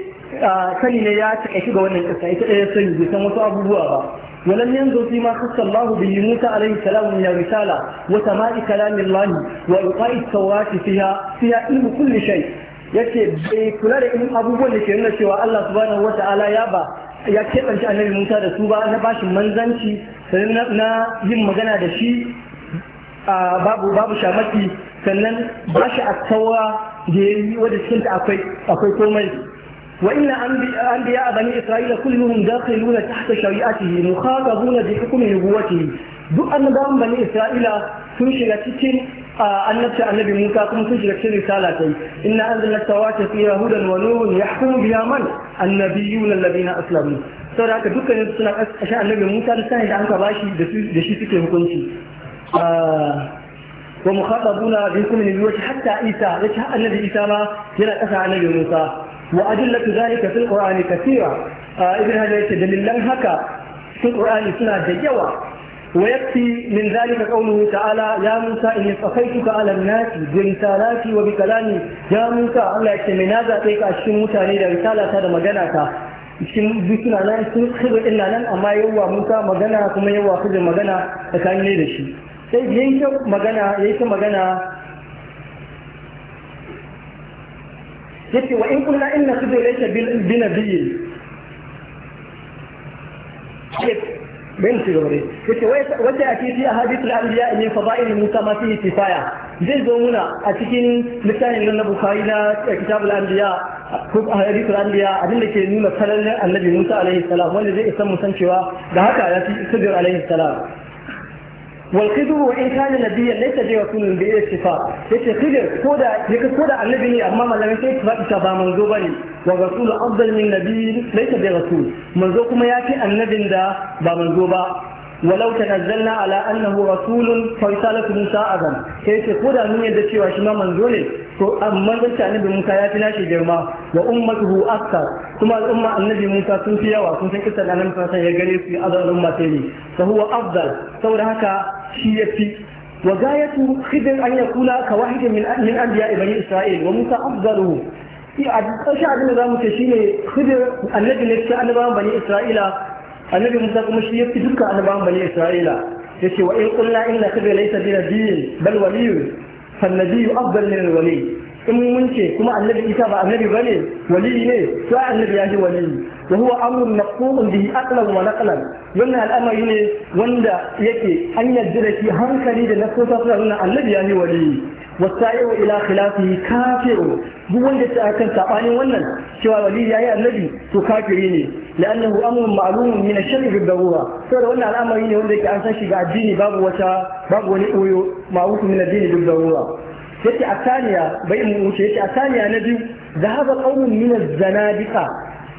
sani ne ya taƙaice ga wannan ƙasa ita ɗaya sani bai san wasu abubuwa ba ولم ينظر فيما خص الله به موسى عليه السلام من الرسالة وسماء كلام الله وإلقاء التوراة فيها فيها علم كل شيء yake bai kula da irin abubuwan da ke nuna cewa Allah subhanahu wa ta'ala ya ba ya keɓance annabi Musa da su ba na bashi manzanci sannan na yin magana da shi babu babu shamaki sannan bashi attawa da ya yi wadda cikinta akwai akwai komai وإن أنبياء بني إسرائيل كلهم داخلون تحت شريعته مخاطبون بحكم نبوته دو أنبياء بني إسرائيل تنشي تكين آه، النبي النبي موسى كم تنشي رسالتي إن أنزل التوات في هدى ونور يحكم بها من النبيون الذين أسلموا ترى كدوك نبسنا أشياء النبي موسى نسان إذا أنك باشي دشي تكي مكنشي ومخاطبون بحكم نبوته حتى إيسى لكي النبي إيسى ما يلا أسعى النبي موسى وأدلة ذلك في القرآن كثيرة ابن هذا يتدلل لنهك في القرآن سنة جيوة ويكفي من ذلك قوله تعالى يا موسى إني اصطفيتك على الناس برسالاتي وبكلامي يا موسى الله يتمنى ذاتك أشكي موسى لي رسالة هذا مجنك cikin suna nan sun hizir ina nan amma yawa musa magana kuma yawa hizir magana tsakanin ne da shi sai yanke magana ya ta magana yace wa in kunna inna kudrata bil binabi bin tigore yace wata a cikin ahadith al anbiya min fadail musa ma fihi kifaya zai zo muna a cikin littafin nan na bukhari na kitab al anbiya ko ahadith al anbiya abinda ke nuna salallan annabi musa alaihi salam wanda zai isa musan cewa da haka ya fi kudur alaihi salam والخضر وإن كان نبيا ليس برسول بالاتفاق يتي خضر كودا يكي كودا النبي ني أما ما لم يتي فإتبا منزو بني ورسول أفضل من نبي ليس برسول منزو كما يأتي النبي دا با منزو با ولو تنزلنا على أنه رسول فرسالة موسى أذن يتي كودا من يدتي وشما منزو لي amma zan ci annabi Musa ya fi nashi girma wa ummatuhu akthar kuma al'umma annabi Musa sun fi yawa sun san kisan annabi Musa ya gare su azal umma sai ne fa huwa afdal saboda haka شيتي وغايته خدر أن يقول كواحد من من أنبياء بني إسرائيل وموسى أفضله إيه، أشعر أن هذا متشين خدر الذي نفسه أن بني إسرائيل النبي موسى كما شيتي ذكر أن بني إسرائيل وإن قلنا إن خدر ليس دين الدين بل ولي فالنبي أفضل من الولي in mun ce kuma annabi isa ba annabi ne wali ne to annabi ya shi wali wa huwa amrun maqulun bihi aqlan wa naqlan wannan al'amari ne wanda yake an yarda da shi hankali da nasosa suna nuna annabi ya shi wa wasa'i'u ila khilafihi kafiru duk wanda ta akan sabanin wannan cewa waliyi yayi annabi to kafiri ne لأنه أمر معلوم من الشرع بالضرورة سورة وأن الأمر يقول لك أن تشجع الدين باب wani باب ونئوي معروف من الدين بالضرورة yace a saniya bai mu wuce yace a saniya na biyu zahaba haka min az-zanadiqa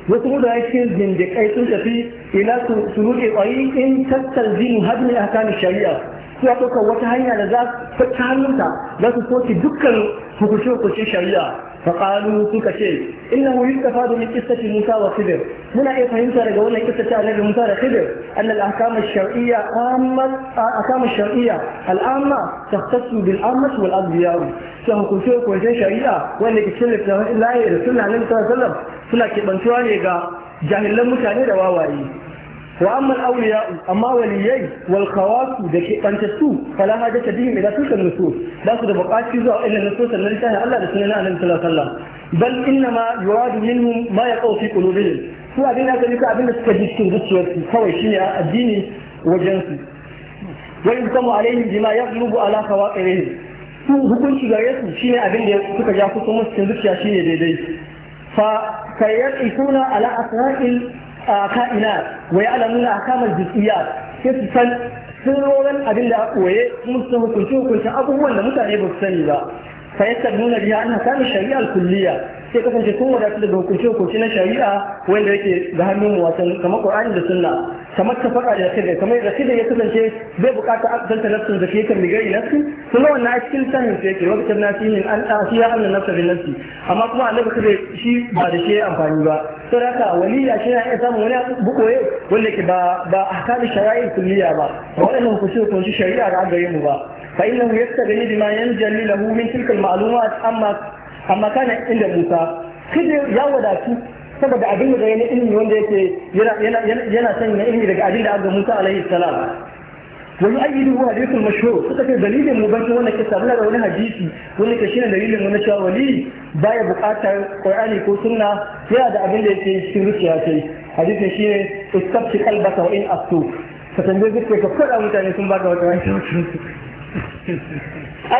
wasu mutane cikin zindikai sun tafi ila su ruɗe ƙwari in tattalzin hadin ahkamin shari'a suna ɗaukar wata hanya da za ta hannunta za su soke dukkan hukuce-hukucin shari'a فقالوا سوكا شيء إنه يستفاد من قصة موسى وخضر من أي فهمت رجونا قصة النبي موسى وخضر أن الأحكام الشرعية عامة الأحكام الشرعية العامة تختص بالأمة والأنبياء سهم كنتو كنتو شريعة وأن يتسلف لا يرسلنا النبي صلى الله عليه وسلم سنة كبنتواني جاهلان mutane da wawaye واما الاولياء اما وليي والخواص دك انت سو فلا حاجه بهم اذا تلك النصوص لا تقدر بقاش يزوا ان النصوص التي تنهى الله رسول الله عليه الصلاه والسلام بل انما يراد منهم ما يقع في قلوبهم سوى دين هذا يقع بين السكجيس كن كوي شيء الديني وجنسي ويبتم عليهم بما يغلب على خواطرهم su hukun shi gare su shine abin da suka ja kusa musu cin zuciya shine daidai fa kayyar isuna ala asra'il ka'inat wa ya'lamun ahkam al-juz'iyat sai su san sirrorin abin da a koye mun san hukunci hukuncin abubuwan da mutane ba su sani ba فيستبنون biya ana كان shari'ar kulliya sai kasance kuma wadatu da hukunci hukunci na shari'a wanda yake da hannun wasan kamar Qur'ani da Sunna kamar tafaka da sirri kamar da ya kasance bai bukata abdanta nafsin da fiye mai gari nafsi sun wannan a cikin sanin sai yake wata nafsi ne an ya hannun nafsa da nafsi amma kuma annabi kace shi ba da shi amfani ba sai haka ya shi na iya samun wani bukoye wanda ke ba a ahkamu shari'a kulliya ba wannan shari'a da gare mu ba فإنه يستغني بما ينجلي له من تلك المعلومات أما أما كان عند موسى خضر يا وداتي saboda abin da yana ilmi wanda yake yana sanya ilmi daga abin da aka Musa alaihi salam wani ayyidi ko hadisul mashhur suka ce dalilin mu bakin wannan kisa muna da wani hadisi wanda ke shine dalilin mu na cewa wali baya buƙatar Qur'ani ko sunna yana da abin da yake cikin zuciya ce hadisin shine istabti qalbaka wa in astu ka tambaye zuciya ka fara mutane sun baka wata wani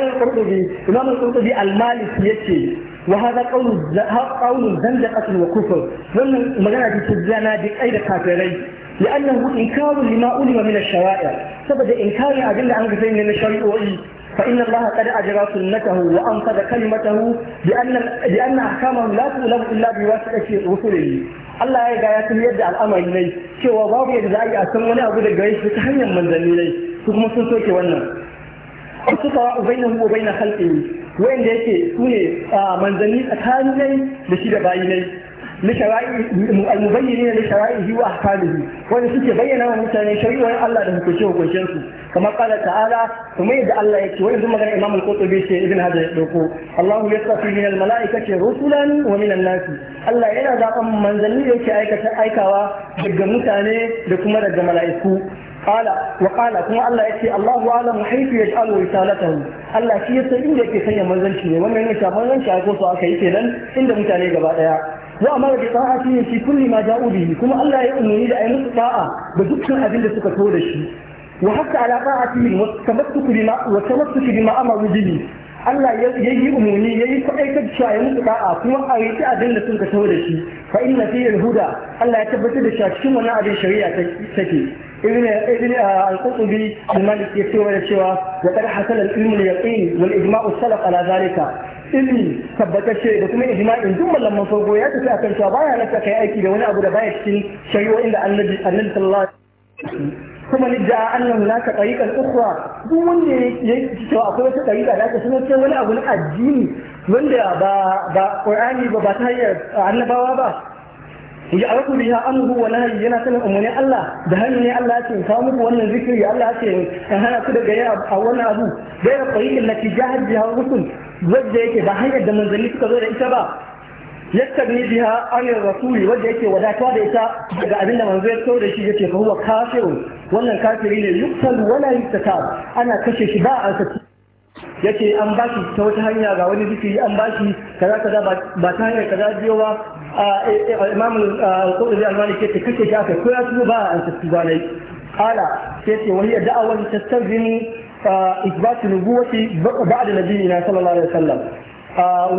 القرطبي إمام القرطبي المالك يتي وهذا قول قول زندقة وكفر لأن مجانا تتزانا بك أيضا كافرين لأنه إنكار لما علم من الشرائع سبب إنكار أجل عن غفين من الشرائع إيه؟ فإن الله قد أجرى سنته وأنقذ كلمته لأن لأن أحكامه لا تؤلف إلا بواسطة رسله الله يقع يسمى يدع الأمر إليه كي وضعه يجزعي أسمونه أبدا قريش بتحيي من ذنبه إليه ثم سنتوك suka bainan mu bainan khalqi wanda yake sune manzanni tsakanin da shi da bayinai al-mubayyinina li shara'ihi wa ahkamihi wanda suke bayyana wa mutane shari'ar Allah da hukunci hukuncin su kamar qala ta'ala kuma yadda Allah yake wanda magana Imam al-Qurtubi ce Ibn Hajar dauko Allahu yastafi min al-mala'ikati rusulan wa min an-nas Allah yana zaban manzanni da yake aikata aikawa daga mutane da kuma daga mala'iku qala wa qala kuma Allah yace Allahu alam haythu yaj'alu risalatahu Allah shi yasa inda yake sanya manzanci ne wannan ya shafa manzanci a ko aka yi kenan inda mutane gaba daya wa amara bi ta'ati fi kulli ma ja'u bihi kuma Allah ya umarni da ayi musu da'a da dukkan abin da suka so da shi وحتى على طاعته والتمسك بما والتمسك بما امروا به Allah ya yi umuni ya yi kwaɗaikar cewa ya mutu ɗa'a kuma a yi abin da sun ka da shi fa inna fi huda Allah ya tabbatar da a cikin wannan abin shari'a take ibn ibn uh, al-qutubi al-malik ya cewa da cewa wa qad hasala al-ilm al-yaqin wal ijma' as ala zalika ilmi tabbatacce da kuma ijma'in duk malaman farko ya tafi akan cewa baya nasa kai aiki da wani abu da baya cikin shari'o'in da annabi sallallahu alaihi wasallam kuma a annahu la ta tariqa al-ukhra duk wanda yake cewa akwai wata tariqa da sanar wani abu na addini wanda ba ba Qur'ani ba ba ta hanyar annabawa ba ya arafu biha amru wa nahyi yana sanin umarni Allah da hannu ne Allah ya ce muku wannan zikiri Allah ya ce in hana ku daga yin a wannan abu bai da tariqin lati jahad biha rusul wanda yake ba hanyar da manzanni suka zo da ita ba yattabi biha anir rasuli wanda yake wadatuwa da ita daga abinda da manzo ya da shi yake fa huwa kafirun wannan kafiri ne yuktal wala yuktab ana kashe shi ba a saki yace an ba shi ta wata hanya ga wani zikiri an ba shi kaza kaza ba ta hanyar kaza biyo ba e, e, imam al-qurdi al-mali ke kashe shi aka ko ya ba an saki ba ne ala sai ce wahiya da'awar tastazini isbat nubuwati ba'da nabiyina sallallahu alaihi wasallam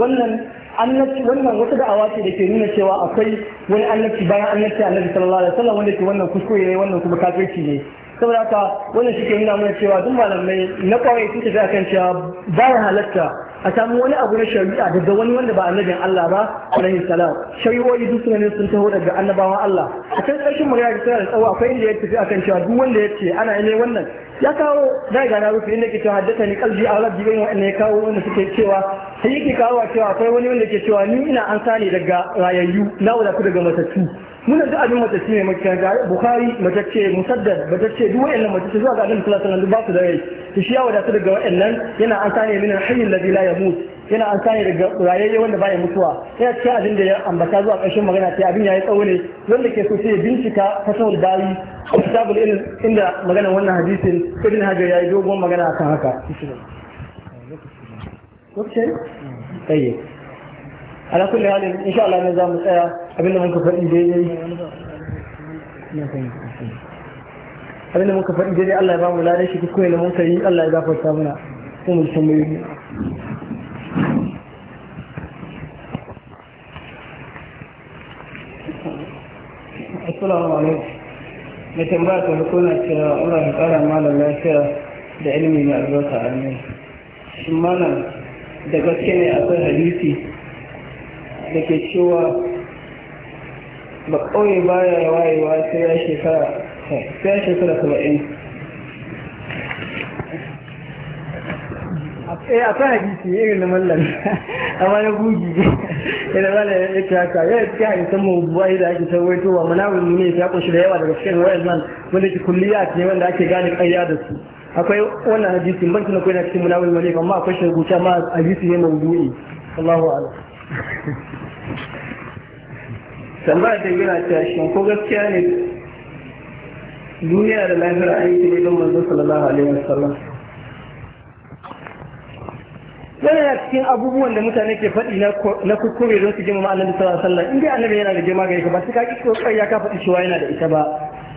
wannan annabci wannan wata da'awa ce da ke nuna cewa akwai wani annabci bayan annabci annabi sallallahu alaihi wasallam wanda ke wannan kuskure ne wannan kuma kafirci ne saboda haka wannan shi ke nuna mana cewa duk malamai na kwarai sun tafi akan cewa ba ya halatta a samu wani abu na shari'a daga wani wanda ba annabin Allah ba alaihi salam shari'o'i duk sunan sun taho daga annabawan Allah a kan karshen magana da tsawo akwai inda ya tafi akan cewa duk wanda ya ce ana yi wannan ya kawo da ga na rufe inda ke cewa haddata ni kalbi a rabbi bayan wanda ya kawo wanda suke cewa sai yake kawo cewa akwai wani wanda ke cewa ni ina an sani daga rayayyu na wadatu daga matattu muna da abin matacce ne mai ga bukhari matacce musaddad matacce duk wayannan matacce zuwa ga annabi sallallahu alaihi wasallam ba su da rai shi ya wadatu daga wayannan yana an sani min hayyin ladhi la yamut yana an sani daga rayayye wanda ba ya mutuwa yana cikin abin da ya ambata zuwa ƙarshen magana sai abin ya yi tsawo ne wanda ke so sai bincika fasahul dawi a kitabul inda magana wannan hadisin ibn hajar ya yi dogon magana akan haka lokacin tsaye ala kulli halin insha Allah ne za mu tsaya abinda muka faɗi daidai muka faɗi daidai Allah ya ba mu lalashi kuskure da mun yi Allah ya gafarta mana kuma mu san yi da tambaya ta hukuna na cewa Allah ya kara malam lafiya da ilimi na albarka amin shi malam da gaske ne akwai hadisi da ke cewa ba kawai baya wayewa sai ya shekara sai ya shekara eh akwai hadisi irin na mallan amma na gugi idan mallan ya yake haka ya yake hadisan mu bai da ake tawaitowa manawin ne ya kunshi da yawa daga cikin nan wanda ke kulliyat ne wanda ake gane ƙarya da su akwai wannan hadisi ban tuna koyi na cikin munawin malik amma akwai shi rubuta ma hadisi ne mawdu'i Allahu a'lam tambaya ta yana ta shin ko gaskiya ne duniya da lahira an yi ne don manzo sallallahu alaihi wasallam yana cikin abubuwan da mutane ke faɗi na kurkure don su girmama annabi sallallahu alaihi wasallam in annabi yana da girma ga ka ba su ka kiko kai ya ka faɗi cewa yana da ita ba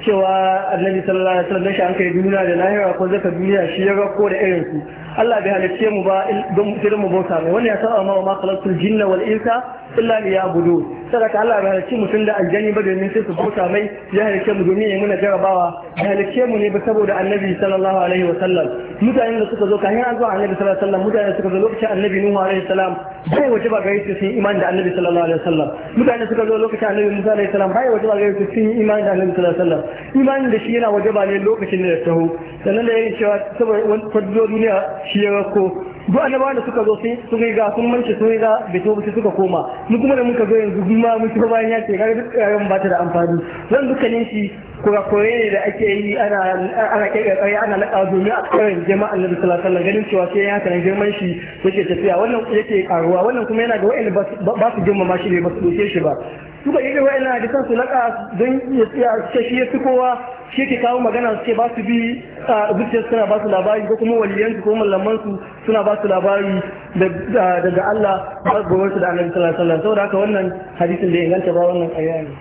cewa annabi sallallahu alaihi wasallam shi an kai duniya da lahira ko zaka duniya shi ya rako da irin su Allah bai halicce mu ba don mu mu bauta mai wannan ya sa ma ma khalaqtul jinna wal insa illa ya budu sadaka Allah bai halicci mutum da aljani ba domin sai su bauta mai ya halicce mu domin ya muna jarabawa ya halicce mu ne ba saboda annabi sallallahu alaihi da suka zo kafin an zo annabi sallallahu alaihi sallam mutane da suka zo lokacin annabi nuhu alaihi salam bai waje ba gare su sun imani da annabi sallallahu alaihi mutane da suka zo lokacin annabi musa alaihi salam bai waje ba gare su sun imani da annabi sallallahu alaihi sallam da shi yana waje ba ne lokacin da ya taho sannan da cewa saboda wani duniya shi ya rako duk annabawa da suka zo sai sun riga sun mance su riga bai to sai suka koma mu kuma da muka zo yanzu kuma mun to bayan ya ce ga duk yaran ba ta da amfani zan ne shi kurakure ne da ake yi ana ana kai kai ana laka domin a karin jama'an da sallallahu alaihi ganin cewa sai ya ne girman shi yake tafiya wannan yake karuwa wannan kuma yana ga wa'anda ba su girmama shi ne ba su doke shi ba suka yi irin wa'annan da su laka don ya shi ya fi kowa shi ke kawo magana su ce ba su bi a zuciyar suna ba su labari ko kuma waliyansu ko mallamansu suna ba su labari daga Allah ba su gobe su da annabi sallallahu alaihi wasallam saboda haka wannan hadisin da inganta ba wannan ƙarya ne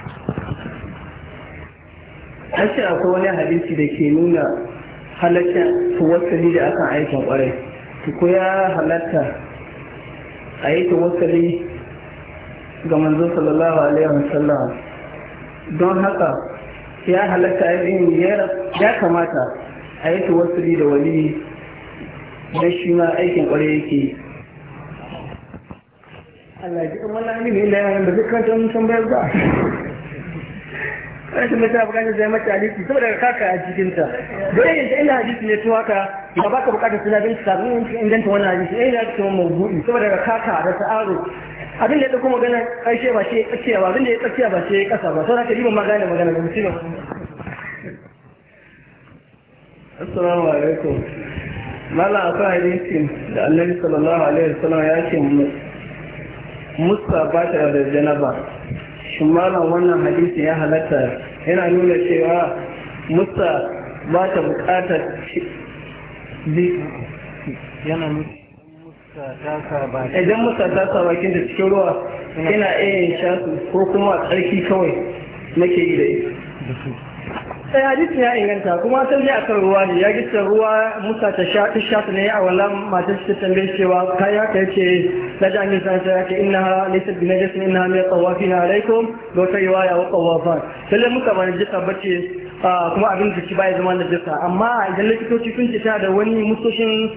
an ce akwai wani hadisi da ke nuna halaccin tawassali da akan aikin kwarai ko ya halatta a yi tawassali ga manzo sallallahu alaihi wasallam don haka ya halatta ainihin ya kamata a yi tawassuli da wali na shi ma aikin kwarai yake Allah ji kuma na nemi da yawan da duk kan tun san bayar ba rashin mutum a da zai mata hadisi saboda kaka a jikinta don yin ta ina hadisi ne tuwa ka ba ka bukatar suna bin sabon inganta wani hadisi ina eh, cikin mabuɗi saboda kaka da ta'aru abin da ya ɗauko magana ƙarshe ba shi tsakiya ba abin da ya tsakiya ba shi ƙasa ba sauran ka yi ma magana magana ba mutum assalamu alaikum mala akwai hadisi da annabi sallallahu alaihi wasallam ya ce musa ba ta da janaba shin mala wannan hadisi ya halatta yana nuna cewa musa ba ta bukatar yana nuna idan ta sa bakin da cikin ruwa ina iya yin shasu ko kuma a ƙarfi kawai nake yi da ita sai hadisi ya inganta kuma sai a kan ruwa ne ya gista ruwa musa ta sha ta sha ne a wallan matar ta tambaye cewa kai haka yake na ji amin san sai yake inna laysa bi mai tsawafi na tawafina alaikum do ta ya wa tawafan sai muka ban jisa bace ah, kuma abin da ki baya zama na jisa amma idan likitoci sun ta da wani musoshin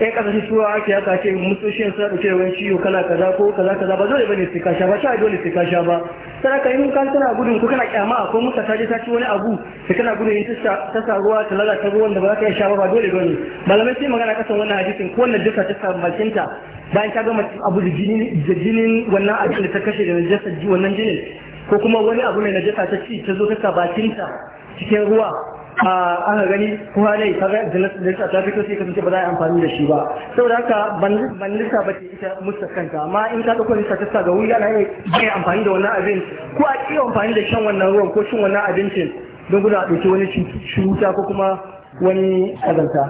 ɗan ƙasashen turawa ake haka ce mutoshin sa ɗauke wani ciwo kala kaza ko kaza kaza ba dole bane sai ka sha ba sha dole sai ka sha ba sai ka yi kan tana gudun ko kana kyama ko muka ta je ta ci wani abu sai kana gudun in ta sa ruwa ta lalata ruwan da ba ka sha ba ba dole bane malamai sai magana kasan wannan hadisin ko wannan duka ta samu bakinta bayan ta gama abu da jinin wannan abin da ta kashe da najasar ji wannan jinin ko kuma wani abu mai najasa ta ci ta zo ta sa bakinta cikin ruwa aka gani kuma dai da ta fito sai ka kasance ba za a amfani da shi ba saboda haka ban lissa ba ce ita musta kanta amma in ka dauko lissa ta ga wuri ana iya amfani da wannan abin ko a iya amfani da shan wannan ruwan ko shin wannan abincin don guda a ɗauki wani cuta ko kuma wani azanta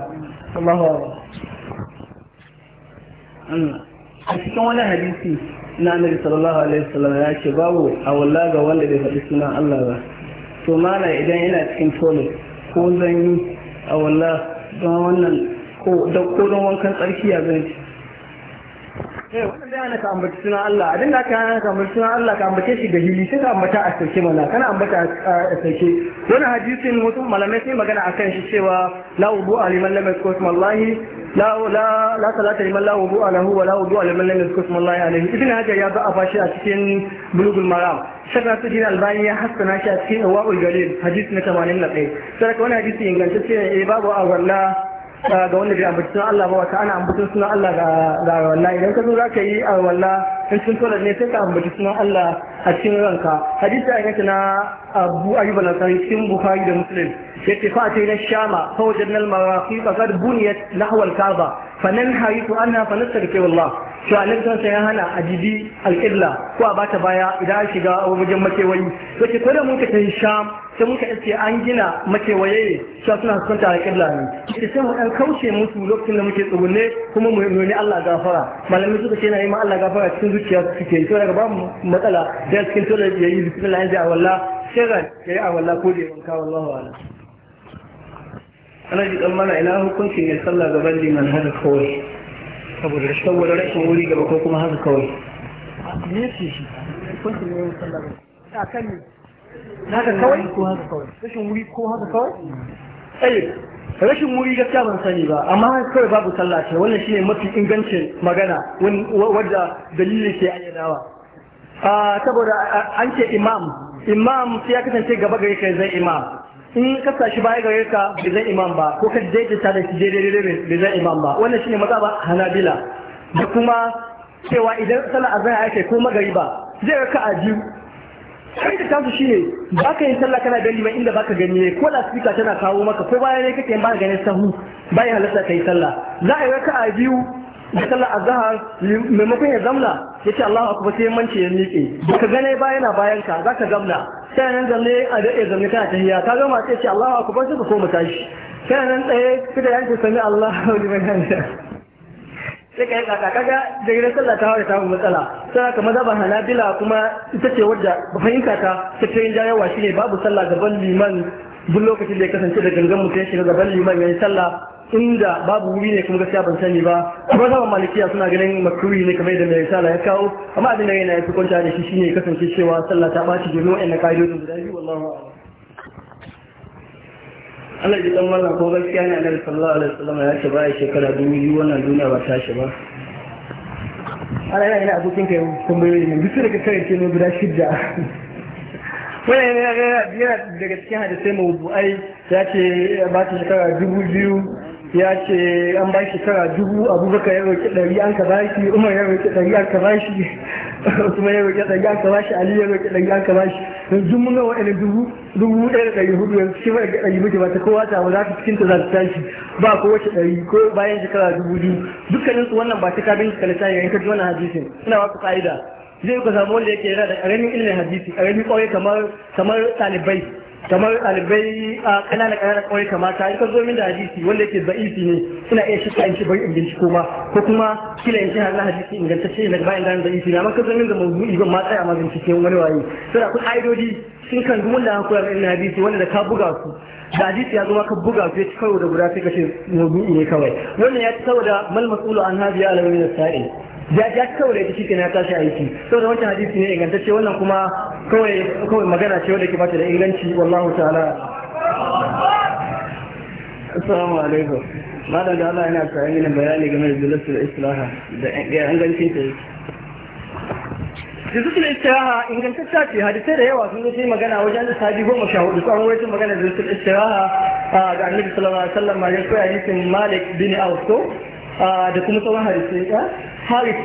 hmm. a cikin wani hadisi na annabi sallallahu alaihi wasallam ya ce babu a walla ga wanda bai faɗi sunan Allah ba to mana idan yana cikin toilet ko zanyi a walla don wannan ko don wankan tsarki a zanci eh wannan da ana ka ambaci suna Allah a da ka ka ambaci suna Allah ka ambace shi da hili sai ka ambata a sarki mana kana ambata a sarki wani hadisin wasu malamai sai magana akan shi cewa la ubu aliman lam yakut wallahi لا لا لا صلاة لمن لا وضوء له ولا وضوء لمن لم يذكر اسم الله عليه ابن هاجر يا بقى باشا أتكين بلوغ المرام شكرا سجين الباني يا حسن عشاء أتكين هواء الجليل حديث نتمانين لقي سرك وانا حديث ينغان تسير إباب وأولا ga wanda bai ambaci sunan Allah ba wata ana ambacin sunan Allah ga wallahi idan ka zo za ka yi a walla in cikin tolar ne sai ka ambaci sunan Allah a cikin ranka hadisi a yanka na abu ayyub al-ansari cikin bukari da ya ce fa ce na shama fa wajadna al-marafiq da buniyat nahwa al fanan ana anna fanastaghfiru Allah to annabi sai ya hana a jibi alqibla ko a bata baya idan an shiga wajen makewayi to ce ko da muka tafi sham sai muka ce an gina makewaye shi suna hukunta alqibla ne ce sai mu dan kauce musu lokacin da muke tsugunne kuma mu nemi Allah gafara malamai suka ce na yi ma Allah gafara cikin zuciya suke to daga babu matsala da cikin to da yayi bismillah ya walla sirran yayi a walla ko da wanka wallahu a'lam ana ji dan mana ina hukuncin ya sallah gaban liman haka kawai saboda rashin wuri gaba ko kuma haka kawai ne shi shi hukuncin ne ya sallah a kan ne haka kawai ko haka kawai rashin wuri ko haka mm. kawai eh rashin wuri gaskiya ban sani ba amma kawai babu sallah ce wannan shine mafi ingancin magana wadda dalilin ke ayyadawa ah, saboda an ce imam imam sai ya kasance gaba gari kai zai imam in ka sa shi baya gare ka bai zan imam ba ko ka ta da shi daidai bai zan imam ba wannan shine mazaba hanabila da kuma cewa idan sallah azan ya kai ko magariba zai raka a biyu kai da kansu shine ba ka yin sallah kana gani ba inda baka gani ne ko da tana kawo maka ko bayan ne kake ba ganin sahu bayan halatta kai sallah za a yi raka a biyu da sallah azhar maimakon ya zamla ya ce Allahu akbar sai manci ya miƙe baka gane ba yana bayan ka za ka gamna sai nan zanne a daɗe zanne kana tahiya ka gama sai ce Allahu akbar sai ka koma tashi sai nan tsaye kida yanke sami Allahu liman hamida sai ka yi kaka kaga da gidan sallah ta hawa ta matsala sai ka maza ba hanabila kuma ita ce wadda ba fahimta ta ta cikin jayawa shine babu sallah gaban liman duk lokacin da ya kasance da gangan mutum ya shiga gaban liman ya yi sallah inda babu wuri ne kuma gaskiya ban sani ba kuma zama malikiya suna ganin makuri ne kamar yadda mai sala ya kawo amma abin da yana yafi kwanta da shi shine kasance cewa sallah ta ɓaci domin wa'annan ka'idodin guda biyu wallahu a'lam Allah ji dan wannan ko gaskiya ne Annabi sallallahu alaihi wasallam ya ce ba shekara dubu biyu wannan duniya ba ta shi ba Allah yana ina abokin kai tambayoyi ne duk da kare ce ne guda shidda wannan yana daga cikin hadisai mawdu'ai ya ce ba ta shekara dubu biyu ya ce an ba shi tara dubu abubakar ya roƙi ɗari an ka bashi umar ya roƙi ɗari an ka bashi usman ya roƙi ɗari an ka bashi ali ya roƙi ɗari an ka bashi yanzu mun ga wa'ina dubu dubu ɗaya da ɗari hudu yanzu shi ba ɗari muke ba ta kowa ta ba za ta cikin ta za ta tashi ba ko wace ɗari ko bayan shekara dubu biyu dukkanin su wannan ba ta kabin ka ya yanka ji wannan hadisin ina ba ku fa'ida zai ku samu wanda yake yana da ƙaramin ilimin hadisi ƙaramin ƙauye kamar kamar kamar albai a kanana kanana kawai kamata in ka zo min da hadisi wanda yake za'isi ne ina iya shi in ci bari in binciko ma ko kuma kila in ci har na hadisi ingantacce na bayan ganin za'ifi na maka zo min da mawdu'i ban ma tsaya ma bincike wani waye sai akwai ka'idodi sun kan duk wanda aka koyar da hadisi wanda da ka buga su da hadisi ya zo ka buga su ya ci karo da guda sai ka ce mawdu'i ne kawai wannan ya ci saboda mal mas'ulu an hadiya da sa'il ja ja kawai da shi kenan ya tashi aiki saboda wancan hadisi ne ingantacce wannan kuma kawai kawai magana ce wanda ke bata da inganci wallahu ta'ala assalamu alaikum malam da Allah yana tsaye mini bayani game da dalilin islaha da ingancin ta Jizutul istiraha ingantacciya ce hadisai da yawa sun zo magana wajen da sabi goma sha hudu tsawon wajen magana da jizutul istiraha ga annabi sallallahu alaihi wasallam ya koya hadisin Malik bin Auf da kuma tsawon hadisai Харис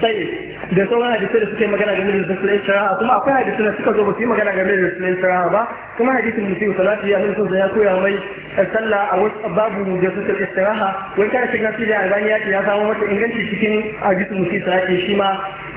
Саид. da sauran hadisai da suka yi magana game da zafin shara'a kuma akwai hadisai da suka zo ba su yi magana game da zafin shara'a ba kuma hadisin mutum salatu ya da ya koya mai sallah a wasu babu da suka istiraha wai kana shiga su da albani ya ce ya samu mata inganci cikin hadisin mutum salatu shi ma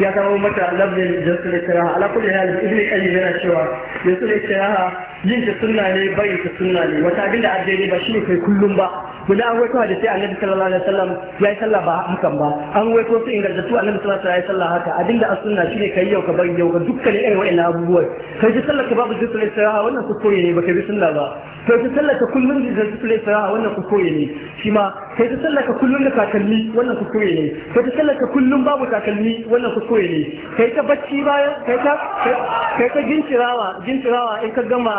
ya samu mata lafzin zafin istiraha ala kulli hal ibnu qayyim yana cewa zafin shara'a yin ta sunna ne bai ta sunna ne wata abin da addini ba shi ne kai kullum ba kuma an wato hadisi annabi sallallahu alaihi wasallam ya yi sallah ba hakan ba an wato su ingantattu annabi sallallahu alaihi wasallam haka abinda a sunna shine yi yau ka bar yau ka dukkan irin wa'annan abubuwan kai ji sallar ka babu jisul israha wannan kuskure ne baka bi sunna ba kai ji sallar ka kullun da jisul israha wannan kuskure ne shi ma kai ji sallar ka kullun da takalmi wannan kuskure ne kai ji sallar ka kullun babu takalmi wannan kuskure ne kai ta bacci bayan kai ta kai ta gincirawa gincirawa in ka gama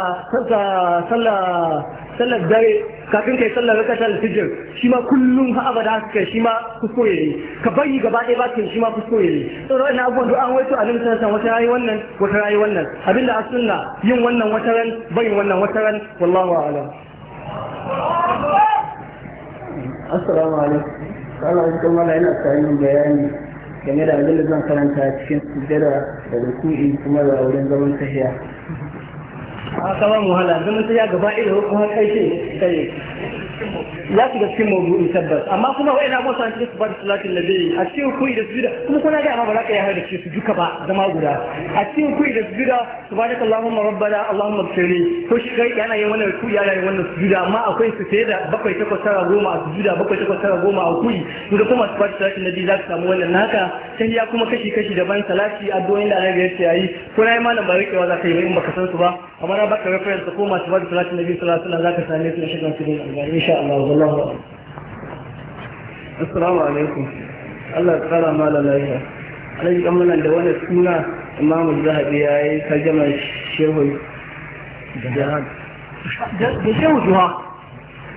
sallar sallar dare kafin kai sallar rakata alfijir shi ma kullum ha abada haka shi ma kuskure ne ka bayi gaba ɗaya bakin shi ma kuskure ne saboda wannan abubuwan duk an waito a sallallahu san wata rayi wannan wata rayi wannan abinda da asunna yin wannan ran bayin wannan ran wallahu a'lam assalamu alaikum Allah ya kuma la ina tsayin bayani game da abin da zan karanta cikin sujjada da ruku'i kuma da wurin zaman tahiya haka ba mu hala zaman ta ya gaba irin hukun har karshe kai ya shiga cikin mawdu'i tabbas amma kuma wa'ina abuwa sa cikin subar salatin da zai a cikin kuyi da su sujuda kuma kuna da amma ba za ka yi har da su duka ba zama guda a cikin kuyi da su su sujuda subhanaka allahumma rabbana allahumma bshiri ko shi kai yana yin wannan kuyi yana yin wannan sujuda amma akwai su sai da bakwai takwas tara goma a sujuda bakwai takwas tara goma a kuyi to da kuma subar salatin da zai za su samu wannan naka sai ya kuma kashi kashi daban salati addu'o'in da Allah ya ce yayi ko na yi malam ba rikewa za ka yi in baka san su ba kamar na baka reference ko masu bada salatin nabi sallallahu alaihi wasallam zaka same su na shigan su din albani insha Allah wallahu assalamu alaikum Allah ya kara mala lafiya alai kan da wani suna Imam Zahabi yayi tarjuma shehu Jahad da shehu Juha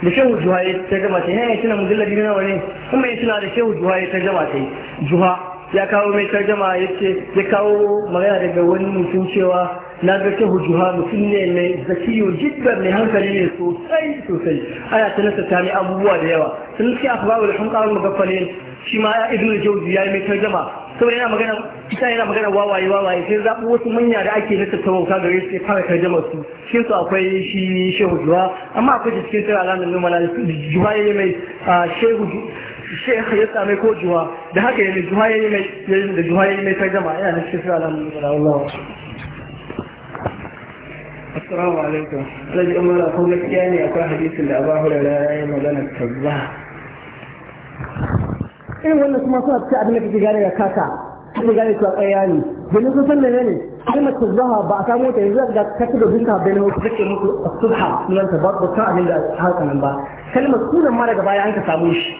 da shehu Juha ya tarjuma ta yayin tana mujalladi na wani kuma ya yana da shehu Juha ya tarjuma ta Juha ya kawo mai tarjama ya ce ya kawo magana daga wani mutum cewa na ga ta hujuha mutum ne mai zakiyo jiddan mai hankali ne sosai sosai aya ta nasa ta abubuwa da yawa sun ce a faru da hankalin magafalin shi ma ya ibnu jauzi ya yi mai tarjama saboda yana magana ita yana magana wawaye wawaye sai zaɓi wasu manya da ake nasa ta wauta gare su ya fara tarjama su cikin su akwai shi shehu juha amma akwai cikin sai alamun numa na juha ya yi mai shehu shekh ya same ko juha da haka yanzu juha ya yi mai da juha ya yi mai tarjama yana da cikin sura alhamdulillah wallahu assalamu alaikum alhaji umar akwai gaskiya ne akwai hadisin da abahu da ya yi magana kaza irin wannan kuma suna cikin abin da kake gane da kaka kake gane cewa ƙarya ne domin sun san mene ne kalmar tazzaha ba a samu ta yanzu da ka ci da duka bai na wasu kake muku subha sunan ta ba ta abin da haka nan ba kalmar sunan ma daga baya an ka samu shi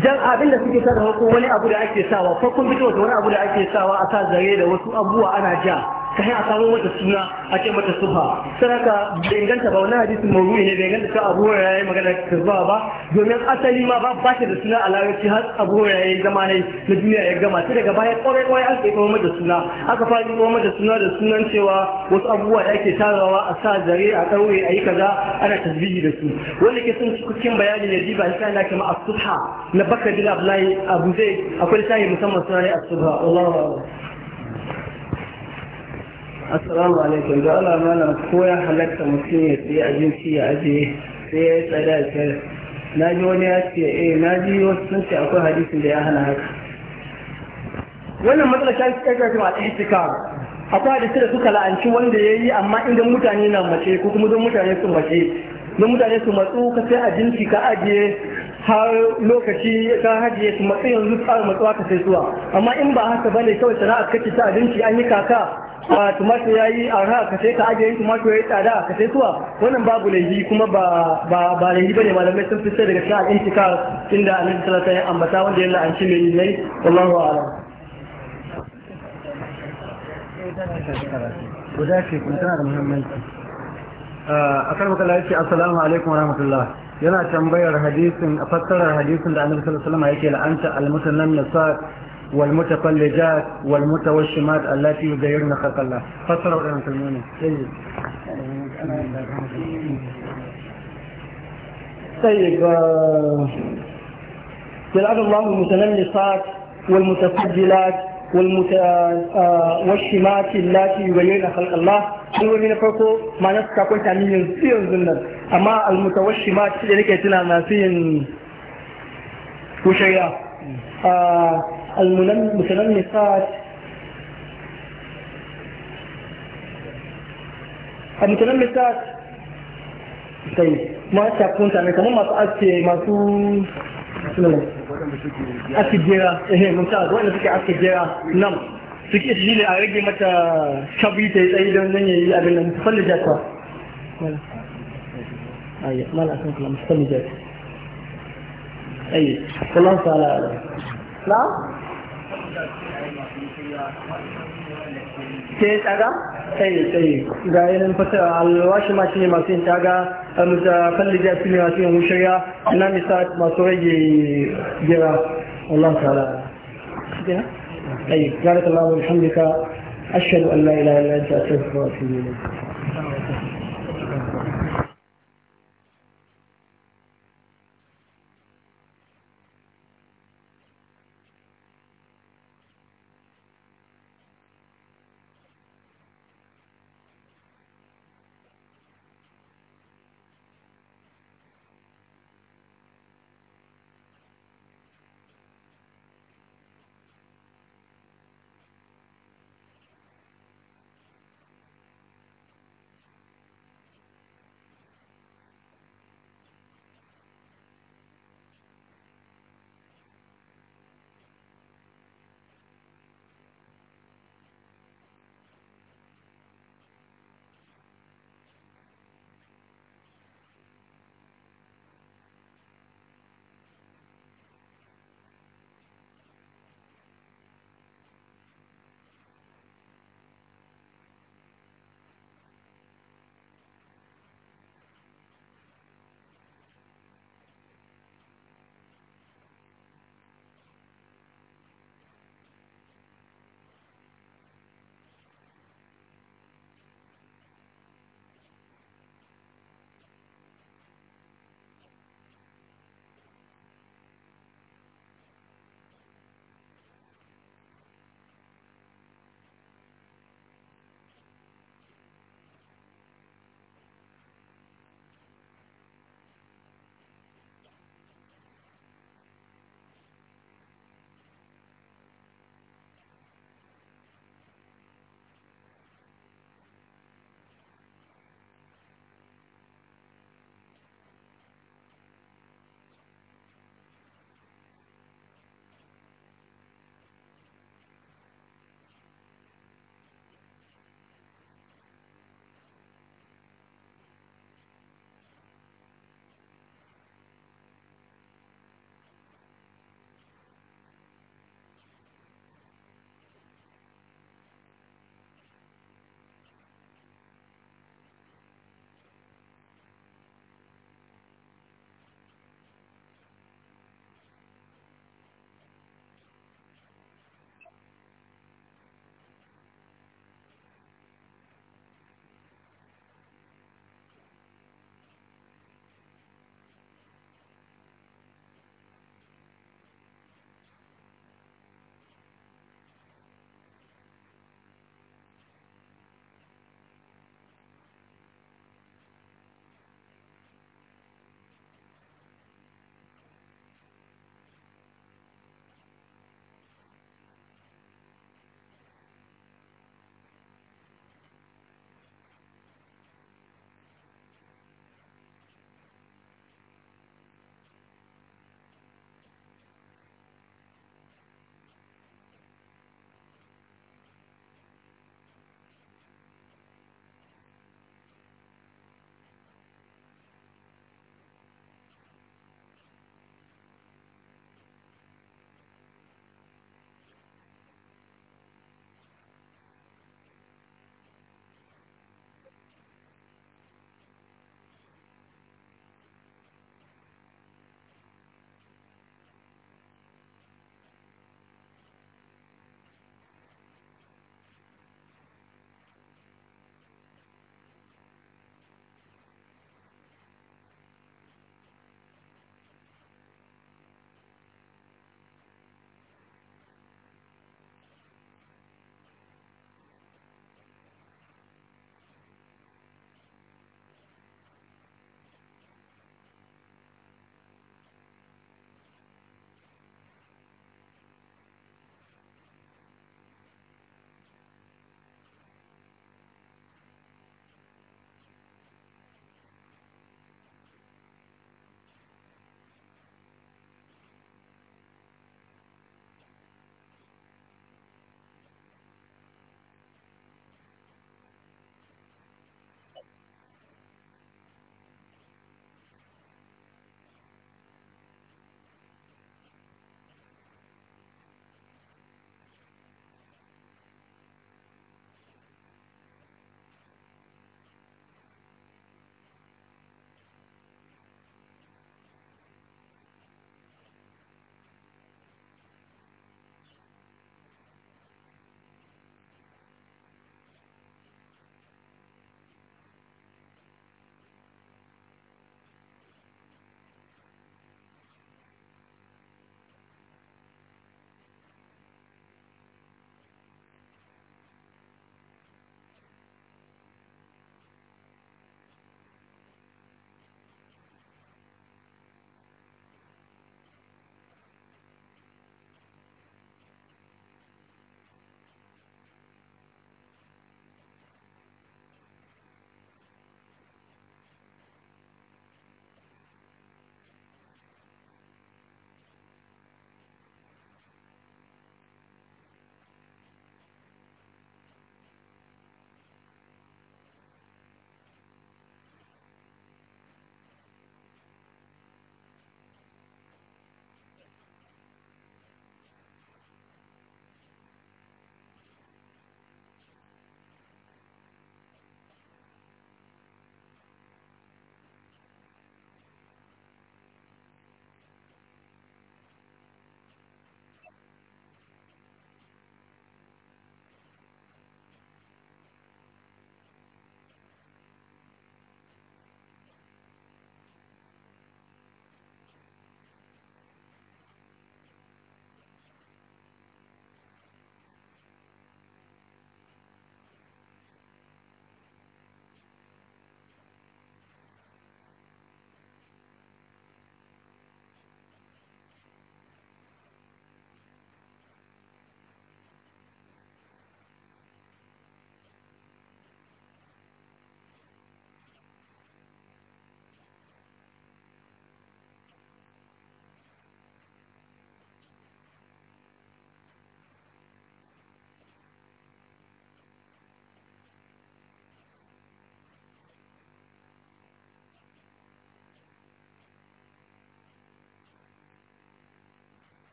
jan abin da suke sarrafa ko wani abu da ake sawa ko kun fito wani abu da ake sawa a sa zare da wasu abubuwa ana ja ka a samu mata suna a ce mata sufa sai haka inganta ba wani hadisi mawuri ne bai inganta ta abu ya yi magana zuwa ba domin asali ma ba ba ta da suna a larabci har abu ya yi zama ne na duniya ya gama sai daga baya kwarai kwarai an kai kuma mata suna aka fara kuma mata suna da sunan cewa wasu abubuwa da ake tarawa a sa zare a ɗaure a yi kaza ana tasbihi da su wanda ke sun cikin bayani ne diba shi kana kama a subha na bakar dila abu zai akwai sahi musamman suna ne a subha Allahu assalamu alaikum da Allah mana ko ya halatta mutum ya tsaye abinci ya ajiye sai ya yi tsada da tsada na ji wani ya ce eh na ji wasu sun ce akwai hadisin da ya hana haka wannan matsala ta kai kai a al-ihtikam akwai hadisi da suka la'anci wanda ya yi amma idan mutane na mace ko kuma don mutane sun mace don mutane su matsu ka sai abinci ka ajiye har lokaci ka hajiye su matsu yanzu tsara matsuwa ka sai zuwa amma in ba haka bane kawai sana'a kace ta abinci an yi kaka a tumato ya yi arha ka sai ka ajiye tumato ya yi tsada ka sai suwa wannan babu laifi kuma ba laifi ba ne malamai sun fitar daga cikin al'intikar inda annabi sallallahu alaihi wasallam ambata wanda ya la'anci mai yi ne wallahu a'lam guda ce kuma tana da muhimmanci a kan makala yake assalamu alaikum wa rahmatullah yana tambayar hadisin a fassarar hadisin da annabi sallallahu alaihi wasallam yake la'anta al sa. والمتفلجات والمتوشمات التي يغيرن خلق الله فسروا لنا في طيب طيب آه، يلعن الله المتنمصات والمتفجلات والمت... آه، آه، والشمات التي يغيرن خلق الله هو من farko ما na suka kwanta min yanzu أما المتوشمات لكي almutawashimat da وشيئا المتنمصات المتنمصات طيب ما تكون تعني كمان ما تأتي ما تكون أكيد إيه ممتاز وأنا جرا نعم فيك جيل أرجع متى كبيت أي دون نيني أبي لنا نتفل أي ما لا أكون كلام نتفل جات أي الله تعالى لا ke tsaga sai sai ga yanin fata alwashi ma shine masu yin tsaga musa fallija su ne masu yin mushirya na misa masu rage gira Allah ta'ala أي قالت الله وبحمدك أشهد أن لا إله إلا أنت أستغفرك وأتوب إليك